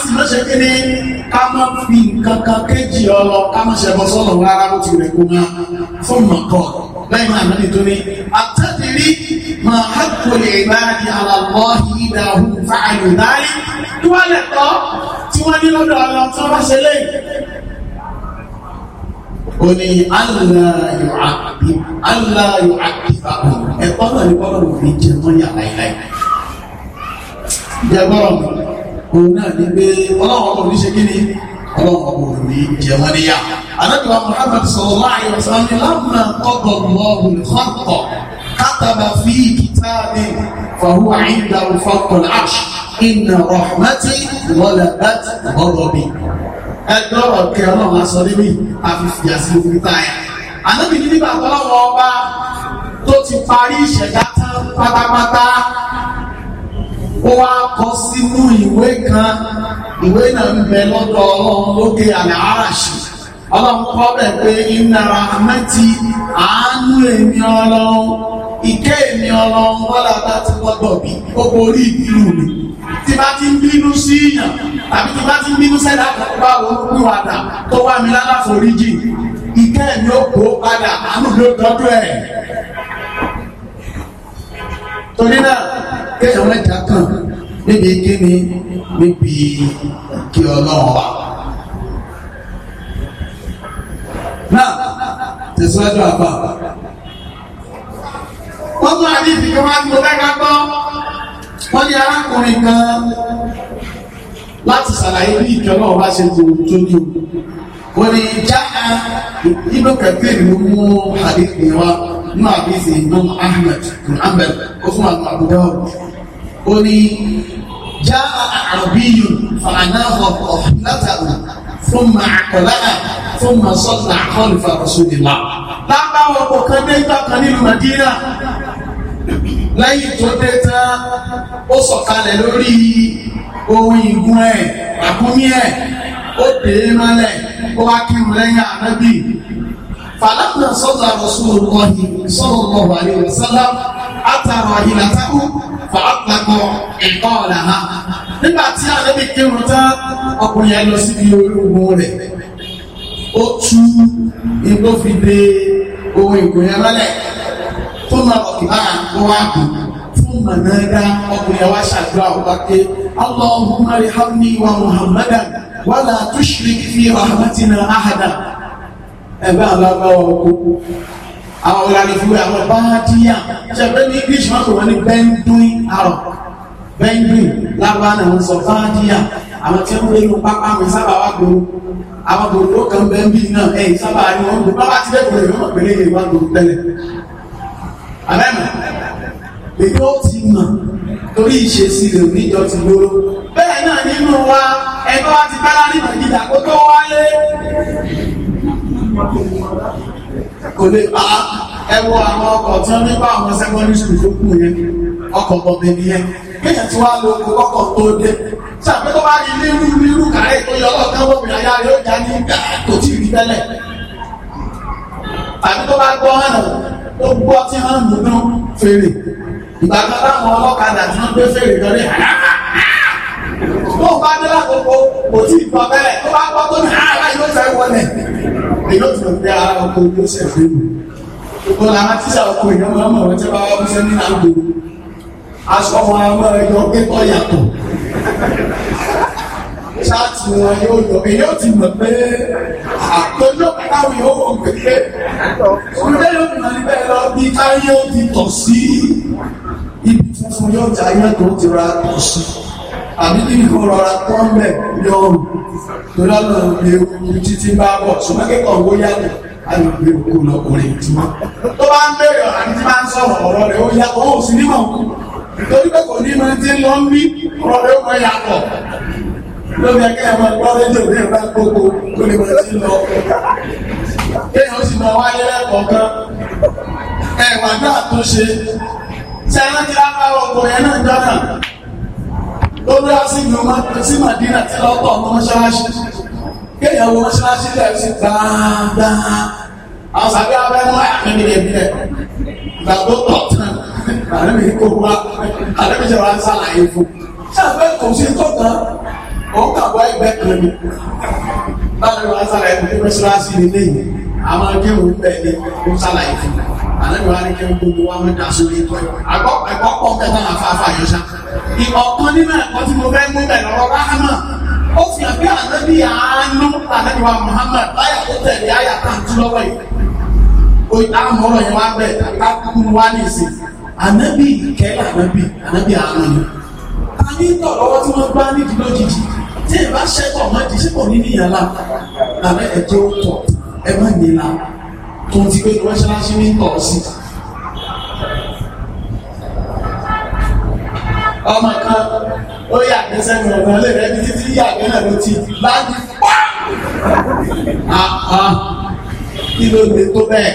sì ló ṣe kéde ká má fi nǹkan kan kéjì ọlọ ká má ṣe bọ́ sọ́nà rárá bó ti rẹ̀ kó máa fún mọ̀kọ́ lẹ́yìn àná nítorí àtẹ́tìrí máa hákò lè báyìí àlàlọ́ ìdá ohun fáàyè láyé tí wọ́n lè tọ́ tí wọ́n ní lọ́dọ̀ ọlọ tí wọ́n bá ṣe lẹ́yìn. ó ní aláyọ̀ àbí aláyọ̀ àbí bàbá ni wọ́n lọ́wọ́ fi jẹ́ mọ́ yàrá mi òun náà ní pé ọlọ́run ọmọ oníṣe kí ni ọlọ́run ọmọ òní jẹ wọn níyà anábìwá Muhammad sallallahu alaihi wasallam lámà ọkọ̀ lọ́ọ̀hùn kọ́kọ̀ kátàbà fi kìtàbí fàhù àyíndà òfàkọ̀ láṣì iná rahmatí wọlé láti ọ̀rọ̀ mi ẹgbẹ́ ọ̀rọ̀ kẹ ọlọ́run aṣọ níbi àfihàn sí orí táyà anábìwá nígbà tọ́lọ́wọ́ ọba tó ti parí ìṣẹ̀dá tán pátápátá ó wá kọ sínú ìwé kan ìwé náà ń bẹ lọ́dọ̀ ọlọ́run lókè àlàáràṣì ọlọ́run kọ́ bẹ̀ pé ìnara mẹ́tì àánú èmi ọlọ́run ìkẹ́ èmi ọlọ́run wọ́lá bá ti gbọ́dọ̀ bí gbogbo orí ìbínú mi tí bá ti ń bínú sí ìyàn tàbí tí bá ti ń bínú sẹ́dá kan bá olùkúwàdà tó wá mi lálàforíjì ìkẹ́ mi ó kó padà àánú mi ó ẹ̀ torí náà kéèyàn mẹ́ta kan níbi kíni níbi kí ọlọ́run wà. náà tẹ̀síwájú àbá. wọ́n tún àdìsí kan wá ní ọ̀gá kan gbọ́ wọ́n ní arákùnrin kan láti ṣàlàyé bí ìjọ náà bá ṣe tó tó ní o. wọ́n ní jáà ibùdókẹ́tì ló mú àdìsí wa nínú àbíyèsí imam ahmed muhammed ó fún àwọn àbúdá ó ní já àrùbíyù fàánáhọ ọ̀húnlátàrù fún ma àkọlára fún ma sọ́tà àkọlùfà rasulillah lábáwọ̀ kò kan dé ìgbà kan nínú madina lẹ́yìn tó dé tán ó sọ̀kalẹ̀ lórí ohun ìgún ẹ̀ àkúnyẹ̀ ó dé mọ́lẹ̀ ó wá kírun lẹ́yìn ànábì فلما صلى رسول الله صلى الله عليه وسلم أتى راحلته فأطلق عقالها nígbà tí ànábì kírun tán ọkùnrin yẹn lọ síbi olóògùn rẹ̀ ó tú igbó fi de ohun ìgò yẹn mọ́lẹ̀ tó máa bọ̀ kìlá àgbo wá kù fún mọ̀nàdá ọkùnrin yẹn wá ṣàdúrà ọba pé Allahumma irhamni wa Muhammadan wala tushrik fi rahmatina ahada ẹgbẹ́ alágbáwọ̀ oko àwọn ọ̀làní fún àwọn báàdíyà ṣẹ̀fẹ́ ní english wọ́n pè wọ́n ní bendwin arọ̀ bendwin lágbá náà ń sọ báàdíyà àwọn tí wọ́n nínú pápá mi sábà wá gbòó àwọn gbòòrò kan bẹ́ńbì náà ẹ̀yìn sábà ní wọ́n gbòó bábà ti dẹ́kun rẹ̀ wọ́n pè ní ìwà gbòó tẹ́lẹ̀ àbẹ́mọ̀ èyí ó ti mọ̀ torí ìṣesí rẹ̀ níjọ ti gbóró bẹ́ẹ̀ náà nínú wa ẹ̀kọ́ wa ti bẹ́lá nígbà gíga kó tó wáyé kò lè bá ẹwọ àwọn ọkọ̀ tí wọ́n nípa àwọn secondary school tó kù yẹn ọkọ̀ bọ̀bẹ̀ nìyẹn kéèyàn tí wàá lo oko ọkọ̀ tó dé ṣàpé tó bá rí nírú nírú kàrẹ́ tó yọ ọlọ́ọ̀kan wọ́n mi àyà yóò já ní ìgbà tó ti rí tẹ́lẹ̀ tàbí tó bá gbọ́ hànà ó gbọ́ tí hàn nínú fèrè ìgbà kan láwọn ọlọ́kadà tí wọ́n gbé fèrè lọ ní àyàkà tó bá dé lákòókò kò tí ì gbọ́ bẹ́ẹ̀ tó bá gbọ́ tó ní àyàkà yóò fẹ́ wọlé èyí ó ti mọ̀ pé ara ojú ṣẹ̀ fẹ́ mi gbogbo làwọn tíṣà ọkọ̀ èèyàn máa ń mọ̀ wọ́n tẹ́ bá wá bú sẹ́ni aṣọ wọn a máa yọ pé ṣáàtì wọn yóò yọ èyí ó ti mọ̀ pé àtọ́jú káwọn yóò wọ̀ pé ọmọdé yóò mọ̀ níbẹ̀ lọ bí káyé ti tọ̀ sí ibi funfun yóò jẹ́ ayé tó ti ra tọ̀ sí àbí kí nìkan rọra tán bẹ̀ yọrùn tó lọ́nà ewu títí bá bọ̀ ṣùgbọ́n kíkọ̀ owó yàtọ̀ alùpùpù kò lọkùnrin tí wọ́n. tó bá ń bèrè ọ̀rọ̀ àti máa ń sọ̀rọ̀ ọ̀rọ̀ rẹ̀ ó yàtọ̀ ó sì nímọ̀ kú torí pé kò ní mọ tí ń lọ ń bí ọ̀rọ̀ rẹ̀ ó mọ yàtọ̀ lórí ẹgbẹ́ ẹ̀mọ ẹ̀kọ́ rédíò ní ìgbà gbogbo tó lè mọ tí ń lọ. kéèyàn ó sì mọ wáyé lẹ́kọ̀ọ́ kan ẹ̀wà náà tó ṣe ṣe ẹ̀rọ ti lápá ọkùnrin náà jọ náà tó dá sí ìlú sí Màdínà tí lọ́tọ̀ ọmọ mọ́ṣáláṣí kéèyàn wo mọ́ṣáláṣí lẹ́ẹ̀ sí dáadáa àwọn sàbí abẹ́ mọ́ àmì mi lè bílẹ̀ ìgbà tó tọ̀ tán àlẹ́ mi kò wá àlẹ́ mi jẹ́ wá ń sàlàyé fún ṣàfẹ́ kò sí tó tán òun kàwé ẹgbẹ́ kan ni báwo ni wọ́n á sàlàyé fún mọ́ṣáláṣí lélẹ́yìn àwọn akéwòn bẹ́ẹ̀ ni ó sàlàyé fún mi àlẹ́bí wa ní kí n gbogbo wa mú dasó ní ìtọ́ ìwé àgbọ̀ ẹ̀kọ́ pọ̀ mẹ́ta náà fáfá yọ sá ọ̀kan nínú ẹ̀kọ́ tí mo fẹ́ mú bẹ̀ lọ́rọ́ ráhámà ó fi hàn bí àlẹ́bí àánú àlẹ́bí wa Muhammad láyà tó tẹ̀lé àyà tá à ń tú lọ́wọ́ yìí ó àmọ́rọ̀ yẹn wá bẹ̀ kákúrú wá ní ìsìn àlẹ́bí ìkẹ́lẹ̀ àlẹ́bí àlẹ́bí àánú ni ta ní tọ̀ lọ́wọ́ tí wọ́n gbá nídìí lójijì tí ìbá ṣẹ́kọ̀ọ́ mọ́ ẹ má nira tó ti pé mọ́ṣáláṣí ní tọ̀ sí. ọmọ kan ó yà kẹsẹ́ ní ọ̀nà ilé rẹ̀ ní títí yà kẹ́ náà ló ti láti pa. kí ló lè tó bẹ́ẹ̀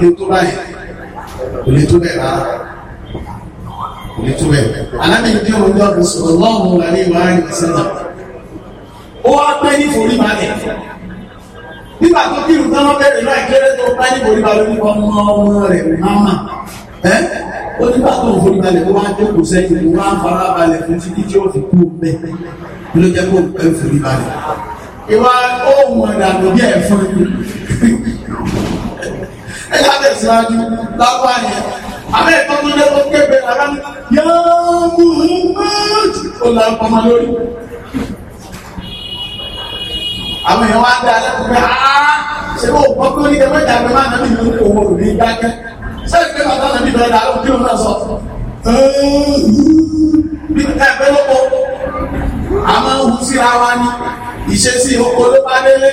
lè tó báyìí lè tó bẹ́ẹ̀ rárá lè tó bẹ́ẹ̀. alábìyí dín òun dọ́gbọ̀n sọ̀rọ̀ lọ́wọ́ àríwá àríwá sẹ́nà ó wá pẹ́ ní forí balẹ̀ nígbà tó kírun tán lọ bẹ̀rẹ̀ náà kéré tó pẹ́ ní forí balẹ̀ nípa ọmọ ọmọ rẹ̀ máma ẹ́ ó nígbà tó ń forí balẹ̀ tó wá jókòó sẹ́yìn tó wá ń fara balẹ̀ fún títí tí ó fi kú bẹ́ẹ̀ ló jẹ́ kó pẹ́ forí balẹ̀ ìwà ohun ìdàgbò bí ẹ̀fọn ẹ lábẹ́ ìsìlájú lápá yẹn abẹ́ ìtọ́ jẹ́ tó kébé ara yóò mú un ó là ń lórí àwọn èèyàn wá ń dá lẹ́kùn pé áá ṣé ó gbọ́ pé ó ní ẹgbẹ́ ìjà pé máa nàbí ìlú òun ò ní dákẹ́ sẹ́yìn pé bàbá nàbí ìbẹ̀rẹ̀ dà lóun kí òun náà sọ bí ẹgbẹ́ lóko àmọ́ òun síra wa ni ìṣesí oko ló bá délé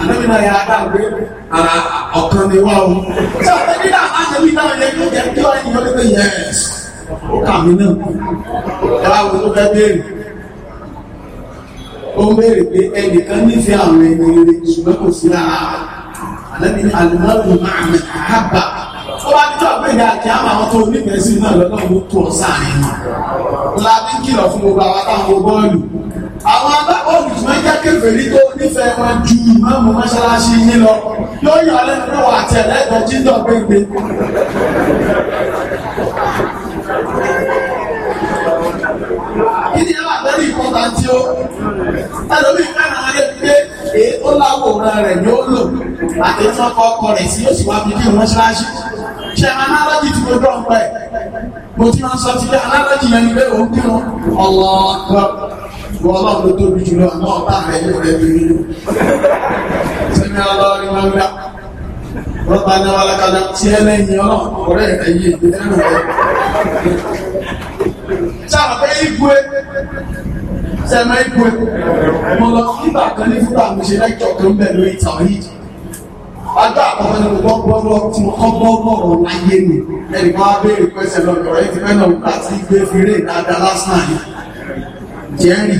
ànábi náà yà á dà pé ara ọ̀kan ni wá o ṣé ọ̀tẹ́ nígbà máa ṣe bí náà yẹ kí ó jẹ́ kí ó ẹ̀yìn ó lé pé yẹ́s ó kà mí náà ẹ wá wo ló fẹ́ béèrè ó ń béèrè pé ẹnìkan nífẹ̀ẹ́ àwọn ẹni rere ṣùgbọ́n kò sí lára àlẹ́bí ní alimọ́lù máa mi àbá ó bá ní tọ́gbẹ́ ìyá àti àmọ́ àwọn tó nífẹ̀ẹ́ sí náà lọ́nà ó tó ọ̀sán àná láti kìlọ̀ fún gbogbo àwọn táwọn bọ́ọ̀lù àwọn agbábọ́ọ̀lù tí wọ́n jẹ́ kéferí tó nífẹ̀ẹ́ wọn ju ìmáàmù mọ́ṣáláṣí yín lọ yóò yọ ọlẹ́nu náà àti ẹ̀lẹ́gbẹ̀ẹ́ jíndọ̀ gbẹ̀gbẹ̀ kọ́ta tí ó ẹlòmíì kára ayé pé èyí tó láwòrán rẹ̀ ni ó lò àti tí wọ́n kọ́ ọkọ rẹ̀ sí yóò sì wá fi kí wọ́n ṣáájú ṣe analogy tí mo dán pẹ́ mo ti máa ń sọ ti pé analogy yẹn ni pé òun kí wọn ọlọ́ọ̀gbọ́n wọ́n ọlọ́run ló tóbi jùlọ àmọ́ ọ̀tá rẹ̀ yóò rẹ̀ bí nínú sẹ́mi ọlọ́rin máa ń gbà rọ́bà náà alákàdá tí ẹ lẹ́yìn ọlọ́run ọ̀rẹ́ ẹ̀yẹ ìgbẹ́ náà rẹ̀ sáà pé sẹ́mi ẹ̀kọ́ mo lọ nígbà kan ní fúta mo ṣe lẹ́jọ́ kan bẹ̀ lórí tàwíìdì adá àkọ́kọ́ ni mo gbọ́ gbọ́ tí mo kọ́ gbọ́ lọ́rọ̀ láyé mi ẹnì kan á béèrè pẹ́sẹ̀ lọ́dọ̀ rẹ ti fẹ́ràn nígbà tí gbé fèrè dáadáa lásán àná jẹ́rì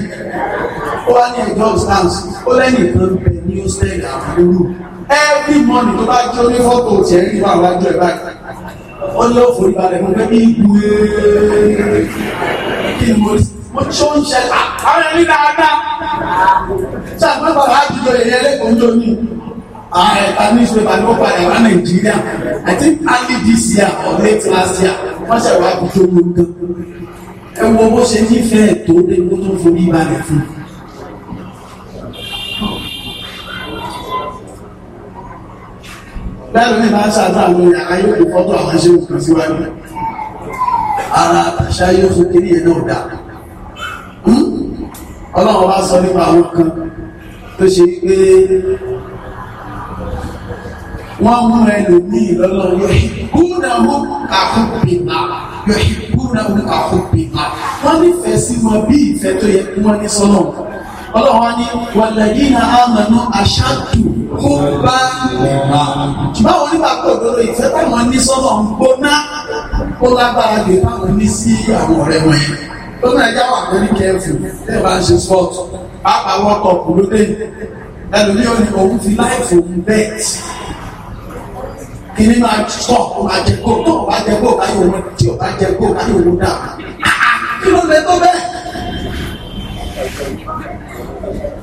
ó wá ní ẹ̀jọ́ stars ó lẹ́yìn kan bẹ ní hostel àbúrò every morning tó bá jẹ́ onífọ́tò jẹ́rì wà wájú ẹ̀ báyìí ó ní ó forí balẹ̀ mo fẹ́ bí ibu kí ni mo sí mo tó ń ṣe ta àwọn ẹni dáadáa ṣàgbọ́n bàbá àjùlọ èyí ẹlẹ́kọ̀ọ́ ń dọ́ni ààrẹ ta newspaper ló padà wá nàìjíríà i think early this year or late last year wọ́n ṣe wá kó tó wọn gan ẹ wo bó ṣe nífẹ̀ẹ́ tó dé kó tó forí balẹ̀ fún un. lẹ́nu ní máa ṣáàtà àwọn ìyàrá yóò kó fọ́tò àwọn ṣe òkú síwájú ara àṣà yóò fún kiri yẹn náà dáa ọlọ́run bá sọ nípa àwọn kan tó ṣe pé wọ́n mú ẹlòmíì lọ́lọ́ yọ̀hìkúnàmú kàkúpìnà yọ̀hìkúnàmú kàkúpìnà wọ́n nífẹ̀ẹ́ sí wọn bí ìfẹ́ tó yẹ kí wọ́n ní sọ́nà ọlọ́wọ́ ní wàlẹ̀yìn àmànú aṣáàtù kó bá lẹ́gbà báwọn nígbà pé òdodo ìfẹ́ táwọn ní sọ́nà ń gbóná ó lágbára dé táwọn ní sí àwọn ọ̀rẹ́ wọn yẹn ó náà já wà lórí kẹfù lè máa ṣe sport pápá wọ́kọ̀ kù lóde ẹlòmí ò ní òun fi láìfò òun bẹ́ẹ̀tì kí ni máa sọ kó máa jẹ kó tó bá jẹ kó káyọ̀ òun tí ò bá jẹ kó káyọ̀ òun dà kí ló lè tó bẹ́ẹ̀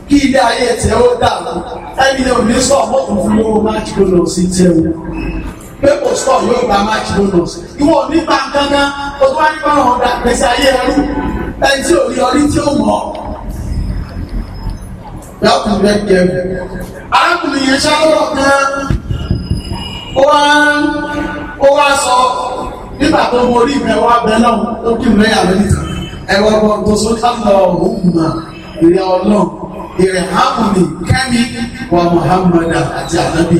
kí ilé ayé tẹ ó dà ẹni ní òní sọ mọ́tò fún owó máa jù lọ sí tẹ òun pépò stọ̀ yóò gba match bonus ìwọ nípa gángan o tó wá ní báwọn ọ̀dà gbèsè ayé ẹrú ẹni tí ò rí ọrí tí ó mọ̀ yàtọ̀ bẹ́ẹ̀ jẹ́ arákùnrin yẹn ṣàlọ́rọ̀ kan ó wá ó wá sọ nígbà tó mo rí ìfẹ́ wá bẹ́ẹ̀ náà tó kí n lẹ́yà lórí kan ẹ̀rọ ọgbọ̀n tó sọ́jà lọ òun mà ìrẹ̀ ọlọ́run ìrẹ̀ hàmùnì kẹ́mi wa muhammadu àti ànábì.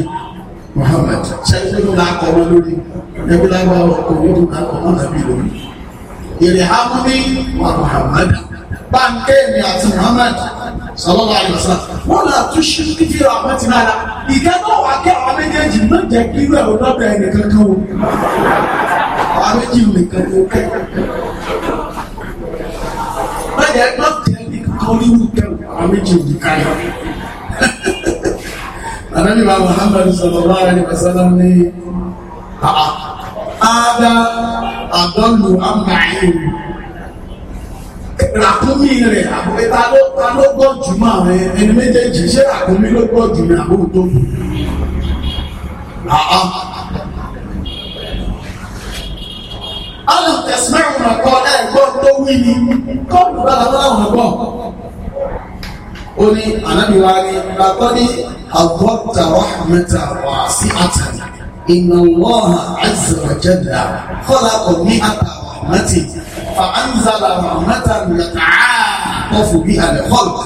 Muhammad sẹ́yìn náà kọ́ wọn lórí ẹgbẹ́ lágbà ọkọ̀ nínú akọ̀ náà nàbí lórí. Ìrìn àmú ní wa Muhammad báńkì èmi àti Muhammad sọlọ́lá àlùsà wọ́n là tún ṣe ní fi ra àwọn tìǹà la ìkẹ́ náà wà kí àwọn méjèèjì náà jẹ́ kí irú ẹ̀rọ lọ́dọ̀ ẹ̀ nìkan kan o. Àwọn méjì nìkan ló kẹ́. Bẹ́ẹ̀ni ẹgbẹ́ tẹ̀ nìkan kan ní wù kẹ́ àwọn méjì nìkan yọ ànábì wa Muhammad sallallahu alaihi wasallam ní àdá àdọ́lù àmàlẹ́ ràkúnmí rẹ̀ àbúkẹta ló ta ló gbọ́ jù mọ́ àwọn ẹni méjèèjì ṣé ràkúnmí ló gbọ́ jù ní àbúrò tó kù alùpẹ̀sìmẹ́rùn-ún ọ̀kọ́ ẹ̀gbọ́n tó wí ni kọ́ọ̀lù bá làwọn àwọn ọ̀gbọ́n ó ní ànábìwá ní lakọ́dí àgọ́ta rahmata wà sí àtà inna Allaha azza wa jalla khalaqa mi'ata rahmatin fa anzala rahmatan yata'attafu biha al-khalq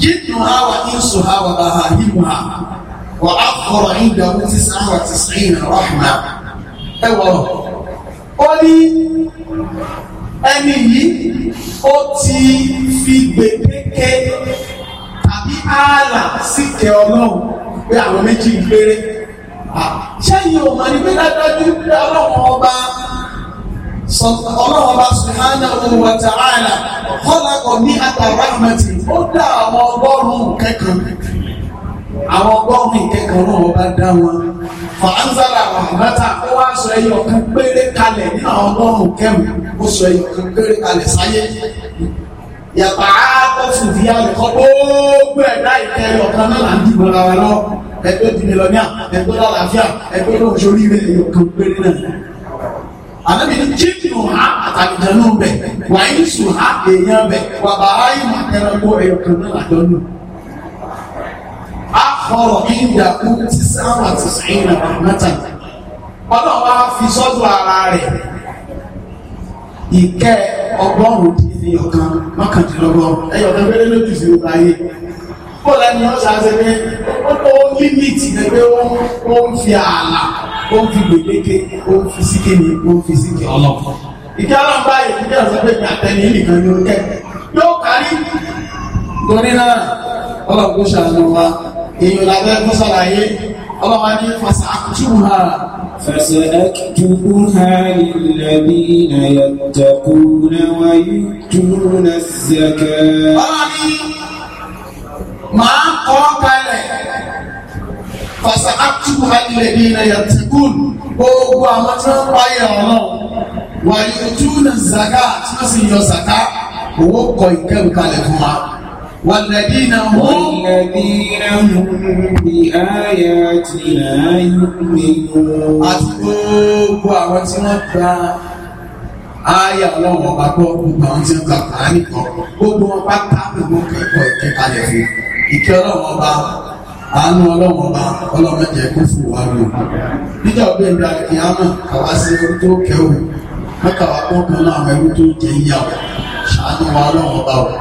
jinnuha wa insuha wa bahahimuha wa akhara 'indahu tis'a wa tis'ina rahma ẹwọ ó ní ẹni yìí ó ti fi gbèdéke tàbí ààlà síkẹ̀ ọlọ́run pé àwọn méjì ń péré sẹ́yìn ò mọ̀ ní pé dájúdájú pé ọlọ́run ọba ọlọ́run ọba subhanahu wa ta'ala kọ́lákọ̀ ní àtàrà ìmọ̀tì ó dá àwọn ọgọ́rùn-ún kẹ́kọ̀ọ́ àwọn ọgọ́rùn ìkẹ́kọ̀ọ́ náà wọ́n bá dá wọn fàánsára àbáta ó wá sọ ẹyọ kan péré kalẹ̀ ní àwọn ọgọ́rùn kẹrin ó sọ ẹyọ kan péré kalẹ̀ sáyé yàtọ̀ àtọ́sù fi àlùkọ́ gbogbo ẹ̀dá ìkẹ́ ẹyọ kan náà là ń dìbò ra wa lọ ẹgbẹ́ bìnnìlọ́níà ẹgbẹ́ lálàáfíà ẹgbẹ́ náà sórí rẹ̀ ẹyọ kan péré náà àbẹ̀bí ni jíjìnù ha àtàlùjẹ̀nù bẹ̀ wàyí sùn ha èèyàn bẹ̀ wàbàáyì màtẹ́rẹ́ kó ẹyọ kan náà àjọ náà àkọ́rọ̀ ìgbà kú ti sáwọn àti sẹ́yìn àmọ́ta ọlọ́wọ́ á fi sọ́dọ̀ ara rẹ̀ ìkẹ́ ọgọ́rùn-ún dín ní ọ̀kan mọ́kàndínlọ́gọ́rùn ẹ̀yọ̀kan péré lójú sí ọba ayé ó lẹ́nu ọ̀sán ṣe pé ó límìtì ní pé ó ń fi ààlà ó ń fi gbèdéke ó ń fi síkè ní ó ń fi síkè ọlọ́pàá ìkẹ́ ọlọ́pàá yìí ìkẹ́ ọ̀sán pé àtẹni nìkan yóò kẹ́ yóò kárí torí náà ọlọ́pàá ṣàánú wa èèyàn lábẹ́ fún sàlàyé ọlọ́wà ní fàṣà àkùtù ha. fàṣà àkùtù ha nílẹ̀bí na yàtọ̀kù na wáyé túnú na zẹ̀kẹ́. ọlọ́wà ní máa kọ́ kalẹ̀ fàṣà àkùtù ha nílẹ̀bí na yàtọ̀kù gbogbo àwọn tí wọ́n páyà ọlọ́run wáyé túnú na zàkà tí wọ́n sì yọ zàkà owó kọ ìkẹ́rù kalẹ̀ fún wa. والذين هم والذين هم بآياتنا يؤمنون àti gbogbo àwọn tí wọ́n gba ayé àwọn ọmọ ọba gbọ́ gbogbo àwọn tí wọ́n gba kàání kan gbogbo wọn ká gbogbo kẹ́kọ̀ọ́ ìkẹ́kalẹ̀ fún ìkẹ́ ọlọ́run ọba àánú ọlọ́run ọba ọlọ́run jẹ́ kó fún wa lò nígbà ọgbẹ́ ìgbà ìyámọ̀ àwa sí ẹrú tó kẹ́wò mẹ́ta wa pọ́n kan náà ẹrú tó jẹ ìyá wa ṣàánú wa ọlọ́run ọba wa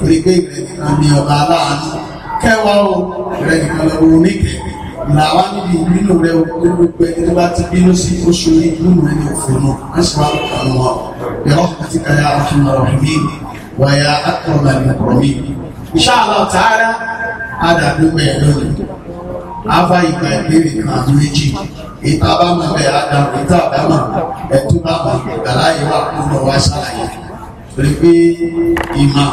torí pé ìrẹ̀nìkan ni ọba aláàánú kẹwàá o ìrẹ̀nìkan lọ́wọ́ oníkẹ́ làwa níbi ìbínú rẹ gbogbo ẹni tó bá ti bínú sí oṣù ní ìbínú ẹni òfin náà wọ́n sì wá lọ́kàn lọ́wọ́ yọ̀rọ̀ àti kàyà àfihàn ọ̀hìnmí wàyà àtọ̀ọ̀lá ní ọ̀rọ̀mí. ìṣáàlọ̀ tààrà àdàdúgbẹ̀ lónìí afa ìgbà ìbéèrè kan àti méjì ìta bá mọ̀ bẹ́ẹ̀ adamu ìta bá mọ̀ ẹ̀tún bá mọ̀ gbàláyé wà kó lọ́wọ́ ṣàlàyé torí pé ìmọ̀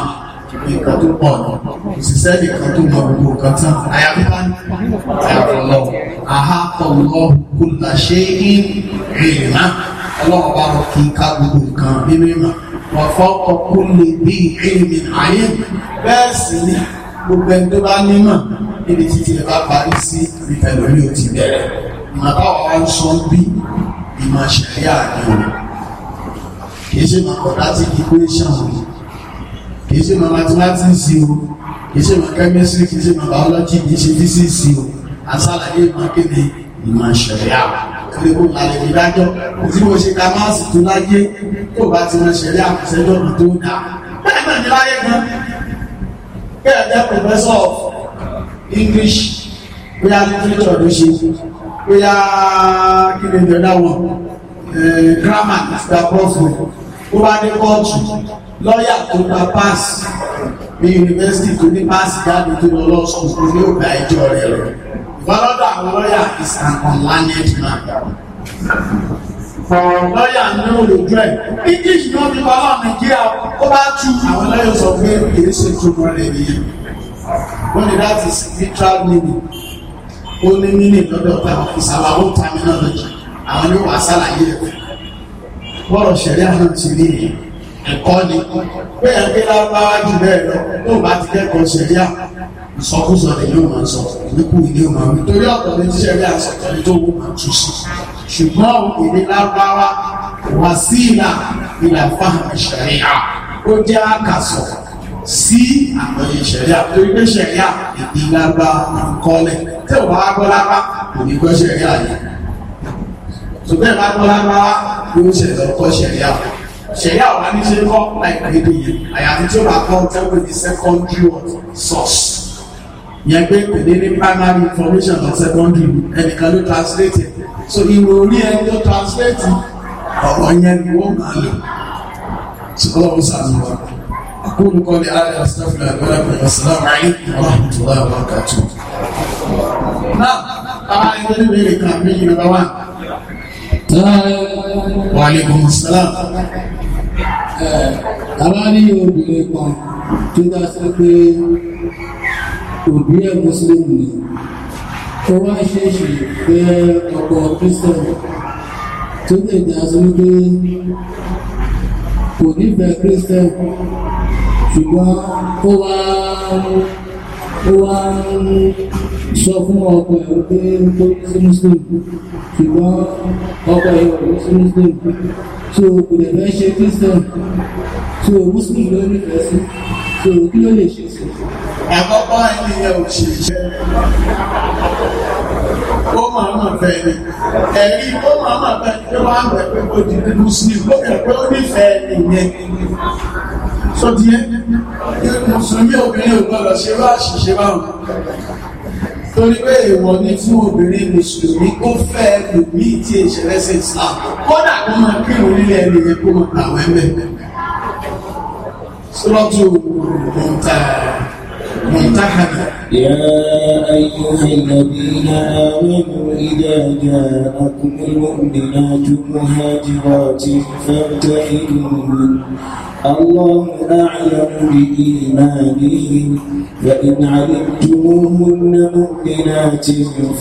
nǹkan tó pọ̀ ní kò sì sẹ́ẹ̀dì kan tó mọ gbogbo nǹkan tán àyàfi bá àyàfi lọ àhákọ̀ lọ kó là ṣe é ìrìnà ọlọ́run bá rọ kí ká gbogbo nǹkan nínú ìmọ̀ wọ́n ọkọ̀ lè bí ìrìnmi ayé bẹ́ẹ̀ sì ni gbogbo ẹni tó bá nímọ̀ níbi títí ẹ bá parí sí ìfẹ̀lórí ò ti bẹ̀rẹ̀ ìmọ̀ táwọn ń sọ bí ìmọ̀ ṣẹ̀rí àdéhùn kì í ṣe màkọ́dá tí kì í pé yìí kìí ṣe ma mathematics o kìí ṣe ma chemistry kìí ṣe ma biology kìí ṣe physics o àṣàlàyé ma kéde ìmọ̀ ṣẹ̀ríà torí kò lálẹ́ tí mo ṣe ka máàsì tó láyé tó bá ti wọn ṣẹ̀ríà àkọsẹ́jọ́ mi tó dáa bẹ́ẹ̀ náà ní láyé kan bẹ́ẹ̀ jẹ́ professor of English bóyá literature ló ṣe bóyá kí ni wọn eh, grammar ìgbà pọ́ọ̀fù ó bá dé kóòtù lọ́ọ̀yà tó gba páàsì ní yunifásitì tó ní páàsì jáde tó lọ lọ́sùn tó ní ògbà ìjọ rẹ̀ rẹ̀ ìfọlọ́dọ̀ àwọn lọ́ọ̀yà is an unlearned man. lọ́ọ̀yà ní olùjọ́ ẹ̀ english ni wọ́n fi pa láwọn nàìjíríà ó bá tú àwọn lọ́yọ̀ sọ pé kìí ṣe túmọ̀ rẹ̀ nìyẹn wọ́n ní that is literal meaning ó ní meaning lọ́dọ̀ táwọn ìsàlà ó terminology àwọn yóò wá sálàyé rẹ̀ bọ́ọ̀rọ̀ ṣẹ̀rí àwọn ti rí yìí ẹ̀kọ́ ni bẹ́ẹ̀ pé lábáwá jù bẹ́ẹ̀ lọ tó bá ti kẹ́kọ̀ọ́ ṣẹlẹ̀ ìsọkúsọ rẹ̀ yóò máa sọ ìlúkù ilé máa wí torí ọ̀tọ̀ ní tíṣẹ́ rí àṣọ̀tọ̀ ní tó wù máa tù sí ṣùgbọ́n èdè lábáwá wà sí ìlà ìlà fáhàn ìṣẹ̀ríà ó jẹ́ àkàsọ̀ sí àwọn ìṣẹ̀ríà torí pé ṣẹ̀ríà èdè lábá àkọọ́lẹ̀ tí ò bá wá gbọ́ lábá kò ní gbọ́ ṣẹ̀ríà yẹn ṣùgbọ́n ìbá gbọ́ lábá yóò ṣẹ̀lẹ̀ ọkọ̀ ṣẹ̀ríà sẹ̀yà ọ̀la ní ṣe kọ́ láìpẹ́ like yẹn àyàfi tí ó bá kọ́ tẹ́wé ní secondary source yẹn pé pèlè ní primary information or secondary ẹnìkan ló translate so ìwé orí ẹni tó translate ọ̀rọ̀ yẹn ni wọ́n máa lò ṣùgbọ́n ó sàmì wa akúlù kọ́ ní alẹ́ asẹ́fúnlẹ̀ àgbẹ̀rẹ̀ pẹ̀lú asalaamu alaykum wa rahmatulahi wa barakatuh. náà àwọn ẹgbẹ́ ní bèrè kan méjì nígbà wà. wàhálà ìbùmọ̀ sàlámù tàbá ní obìnrin kan tó dá sí pé òbí ẹ̀ mùsùlùmí ni ó wá ṣèṣì pé ọkọ kristian tó lè dá sí pé kò nífẹ̀ẹ́ kristian ṣùgbọ́n ó wá ó wá sọ fún ọkọ ẹ̀ pé kó sí mùsùlùmí ṣùgbọ́n ọkọ ẹ̀ kò sí mùsùlùmí so kò lè fẹ́ ṣe Christian so Muslim ló ní fẹ́ sí so kí ló lè ṣe sí. àkọ́kọ́ ènìyàn ò ṣe iṣẹ́ ó máa ma fẹ́ ni ẹ̀rí ó máa ma fẹ́ ni wọ́n á bẹ̀ pé kò di ní Muslim ó bẹ̀ pé ó nífẹ̀ẹ́ nìyẹn sọ díẹ̀ mùsùlùmí obìnrin ò gbọ́dọ̀ ṣe bá ṣiṣẹ́ báwọn torí pé èèwọ̀ ni fún obìnrin mùsùlùmí ó fẹ́ lùmí tí ìṣẹ̀lẹ̀ sí islam kódà kó máa kírun nílé ẹni yẹn kó máa gbà wẹ́ mẹ́mẹ́. sọ́lọ́tù mọ̀ntàhánà. يا أيها الذين آمنوا إذا جاءكم المؤمنات مهاجرات فابتئلون الله أعلم بإيمانهم فإن علمتموهن مؤمنات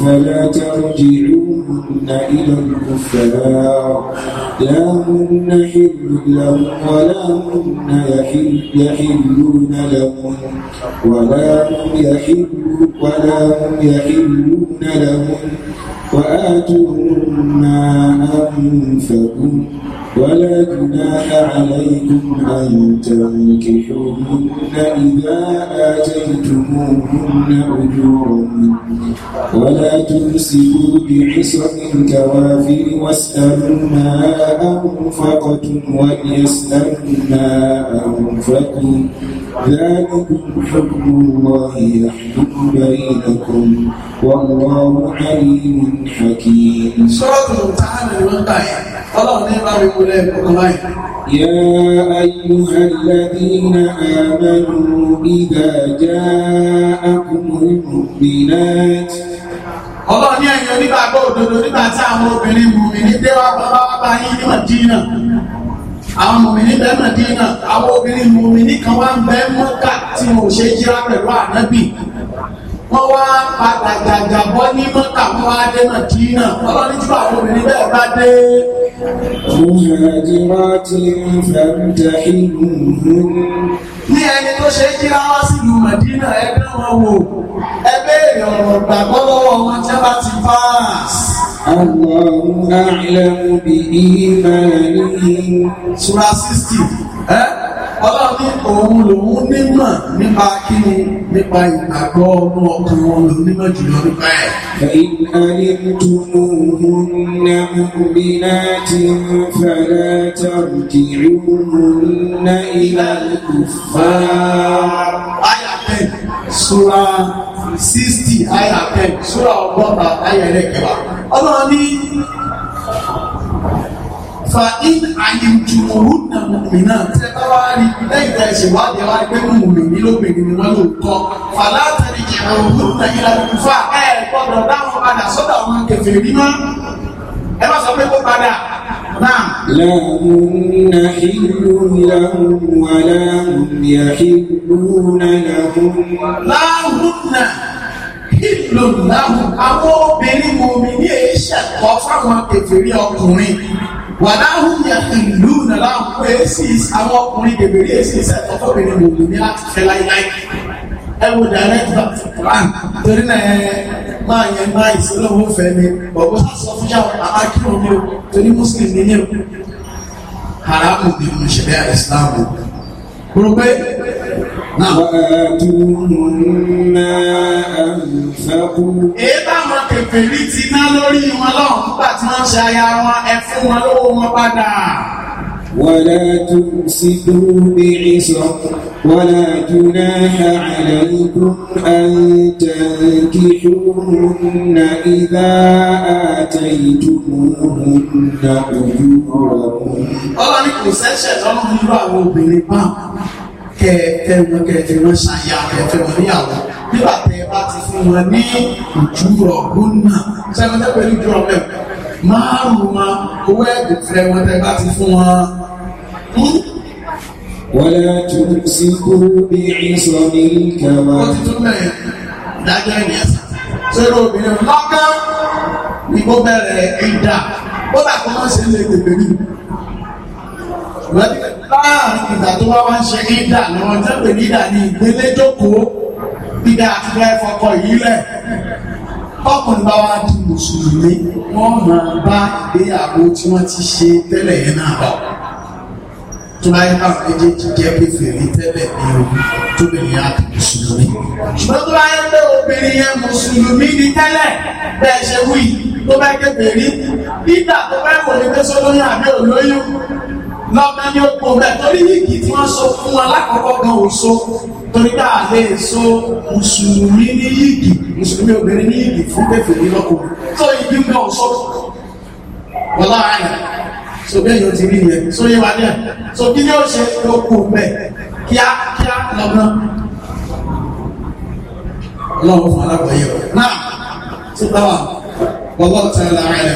فلا ترجعوهن إلى الكفار لا هن حل لهم ولا هن يحلون لهم ولا هم يحلون يحلوا ولا هم يحلون لهم وآتوهم ما أنفقوا ولا جناح عليكم أن تنكحوهن إذا آتيتموهن أجورهن ولا تمسكوا بعصر الكوافر واسألوا ما أنفقتم وليسألوا ما أنفقتم ذلكم حكم الله يحكم بينكم والله عليم حكيم. سورة تعالى يقول الله نعم يا أيها الذين آمنوا إذا جاءكم المؤمنات Ọlọ́run ní ẹ̀yàn nígbàgbọ́ òdodo nígbà tí àwọn obìnrin mùmìnì dé wá bọ́ bá bá yín ní Màdínà. Àwọn mùmìnì bẹ́ẹ̀ Màdínà, àwọn obìnrin mùmìnì kan wá ń bẹ́ẹ̀ mọ́kà tí mo ṣe jíra pẹ̀lú ànábì wọ́n wá padà gàgàbọ́ ní mọ́tà wọ́n wá dé màdínà ọlọ́ni tí àwọn obìnrin bẹ́ẹ̀ bá dé. Mùhàjìmáàtì ń fẹ́ǹtẹ̀ ìlú ní ẹni tó ṣe jíra wá sílùú màdínà ẹgbẹ́ wọn wò ẹgbẹ́ èèyàn gbàgbọ́ lọ́wọ́ wọn tí bá ti fáàsì. Àwọn àìlẹ́mú bìí máa ń yí. Sura sixty ọlọ́run ní òun lòun nímọ̀ nípa kíni nípa ìgbàgbọ́ ọmọ ọkàn wọn lòun nímọ̀ jùlọ nípa ẹ̀. ìkàlẹ̀ tuntun ní mọ̀bíláàtì fẹ́rẹ́ tàbí ìrúnná ìlànà kùfà. àyà ten sura sixty àyà ten sura ọgọ́ta àyà ẹlẹ́kẹ̀wá ọlọ́run ní fa in àyèmùtùmọ̀rún nà mùmìnà tẹ bá wá rí lẹ́yìn tẹ ṣe wádìí wá pé mùmìnì lóbìnrin ni wọ́n lò kọ́ fàlà tẹ̀lé jẹ̀ òun nà ìlà ìfà ẹ̀ gbọ́dọ̀ dáhùn padà sọ́dọ̀ àwọn kẹfẹ́ rí mọ́ ẹ bá sọ pé kó padà لهن حل لهم ولا هم يحلون لهم لهن hìlùláhùn àwọn obìnrin mòmí ní èyí ṣẹ̀kọ́ fáwọn kẹfẹ́ wàdà ahùn yà ìlú nàlá àwọn èsì àwọn ọkùnrin bèbèrè èsì ìsẹ̀tọ̀ fọ́bìnrin mòmù ní láti láíláí ẹ wo direct back to plan torí náà ẹ máa yẹn máa ìsìlọ́wọ́ fẹ́ mi bọ̀wọ́ sọ fún yàwó àmà kí wọn ní o torí muslim ní ní o haramu bí mo ṣẹlẹ̀ islam o. kúrò pé Àtúnná ẹ̀fẹ́kú. Èébá wọn kèfèrí ti ná lórí wọn lọ́wọ́ nígbà tí wọ́n ṣe aya wọn ẹ fún wọn lówó wọn padà. Wàlá tún sí dúró ìrìnsọ̀, wàlá tún náà àlẹ́ ikú أنتنكحوهن إذا آتيتموهن أجورهن. Ọlọ́run kò sẹ́sẹ̀ tọ́lọ́run lọ àwọn obìnrin báwọn kẹ kẹ wọn kẹ fi wọn ṣàyà kẹ fẹ́ wọn níyàwó nígbà tẹ ẹ bá ti fún wọn ní ìjúrọ̀ gbóná sẹ́wọ́n tẹ́ pẹ̀lú ìjúrọ̀ mẹ́wọ̀ márùn wọn owó ẹ̀dùn fẹ́ wọn tẹ bá ti fún wọn. wọ́lá tún sí kú bí ìsọ ní kẹwàá. wọ́n ti tún bẹ̀rẹ̀ dájọ́ ìyẹn sẹ́rọ obìnrin lọ́gán ni kó bẹ̀rẹ̀ ìdá kó má ṣe lè gbègbè nínú láàrin ìgbà tó bá wá ń ṣe ìdà lọ́wọ́ tó pè ní ìdà ní ìgbélé jókòó ìdá àti bẹ́ẹ̀ fọkọ yìí lẹ̀ ọkùnrin bá wá di mùsùlùmí wọ́n máa bá ìgbéyàwó tí wọ́n ti ṣe tẹ́lẹ̀ yẹn náà lọ tó bá yẹ káwọn méjèèjì jẹ́ pé fèrè tẹ́lẹ̀ ní orí tó lè yá mùsùlùmí. ṣùgbọ́n tó bá yẹ pé obìnrin yẹn mùsùlùmí ní tẹ́lẹ̀ bẹ́ẹ̀ ṣe wí tó bá yẹ pé fèrè nígbà tó bá yẹ kò ní lọ́mọ ní oko rẹ̀ torí wíìkì tí wọ́n so fún wọn lákọ̀ọ́kọ́ gan ò so torí dáa lè so mùsùlùmí ní yíìkì mùsùlùmí obìnrin ní yíìkì fún pẹ̀fẹ̀ ní lọ́kùnrin tó ìdí gan ò so wọ́n lára yẹn so bẹ́ẹ̀ yóò ti rí yẹn so yé wa ní ẹ̀ so kí ni ó ṣe lóko mẹ́ kíá kíá lọ́gbọ́n ọlọ́run fún alábọ̀yẹ̀ náà tó bá wà wọ́n lọ́ọ̀tà ẹ̀ lára ẹ̀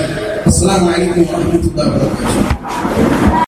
Assalamu alaikum warahmatullahi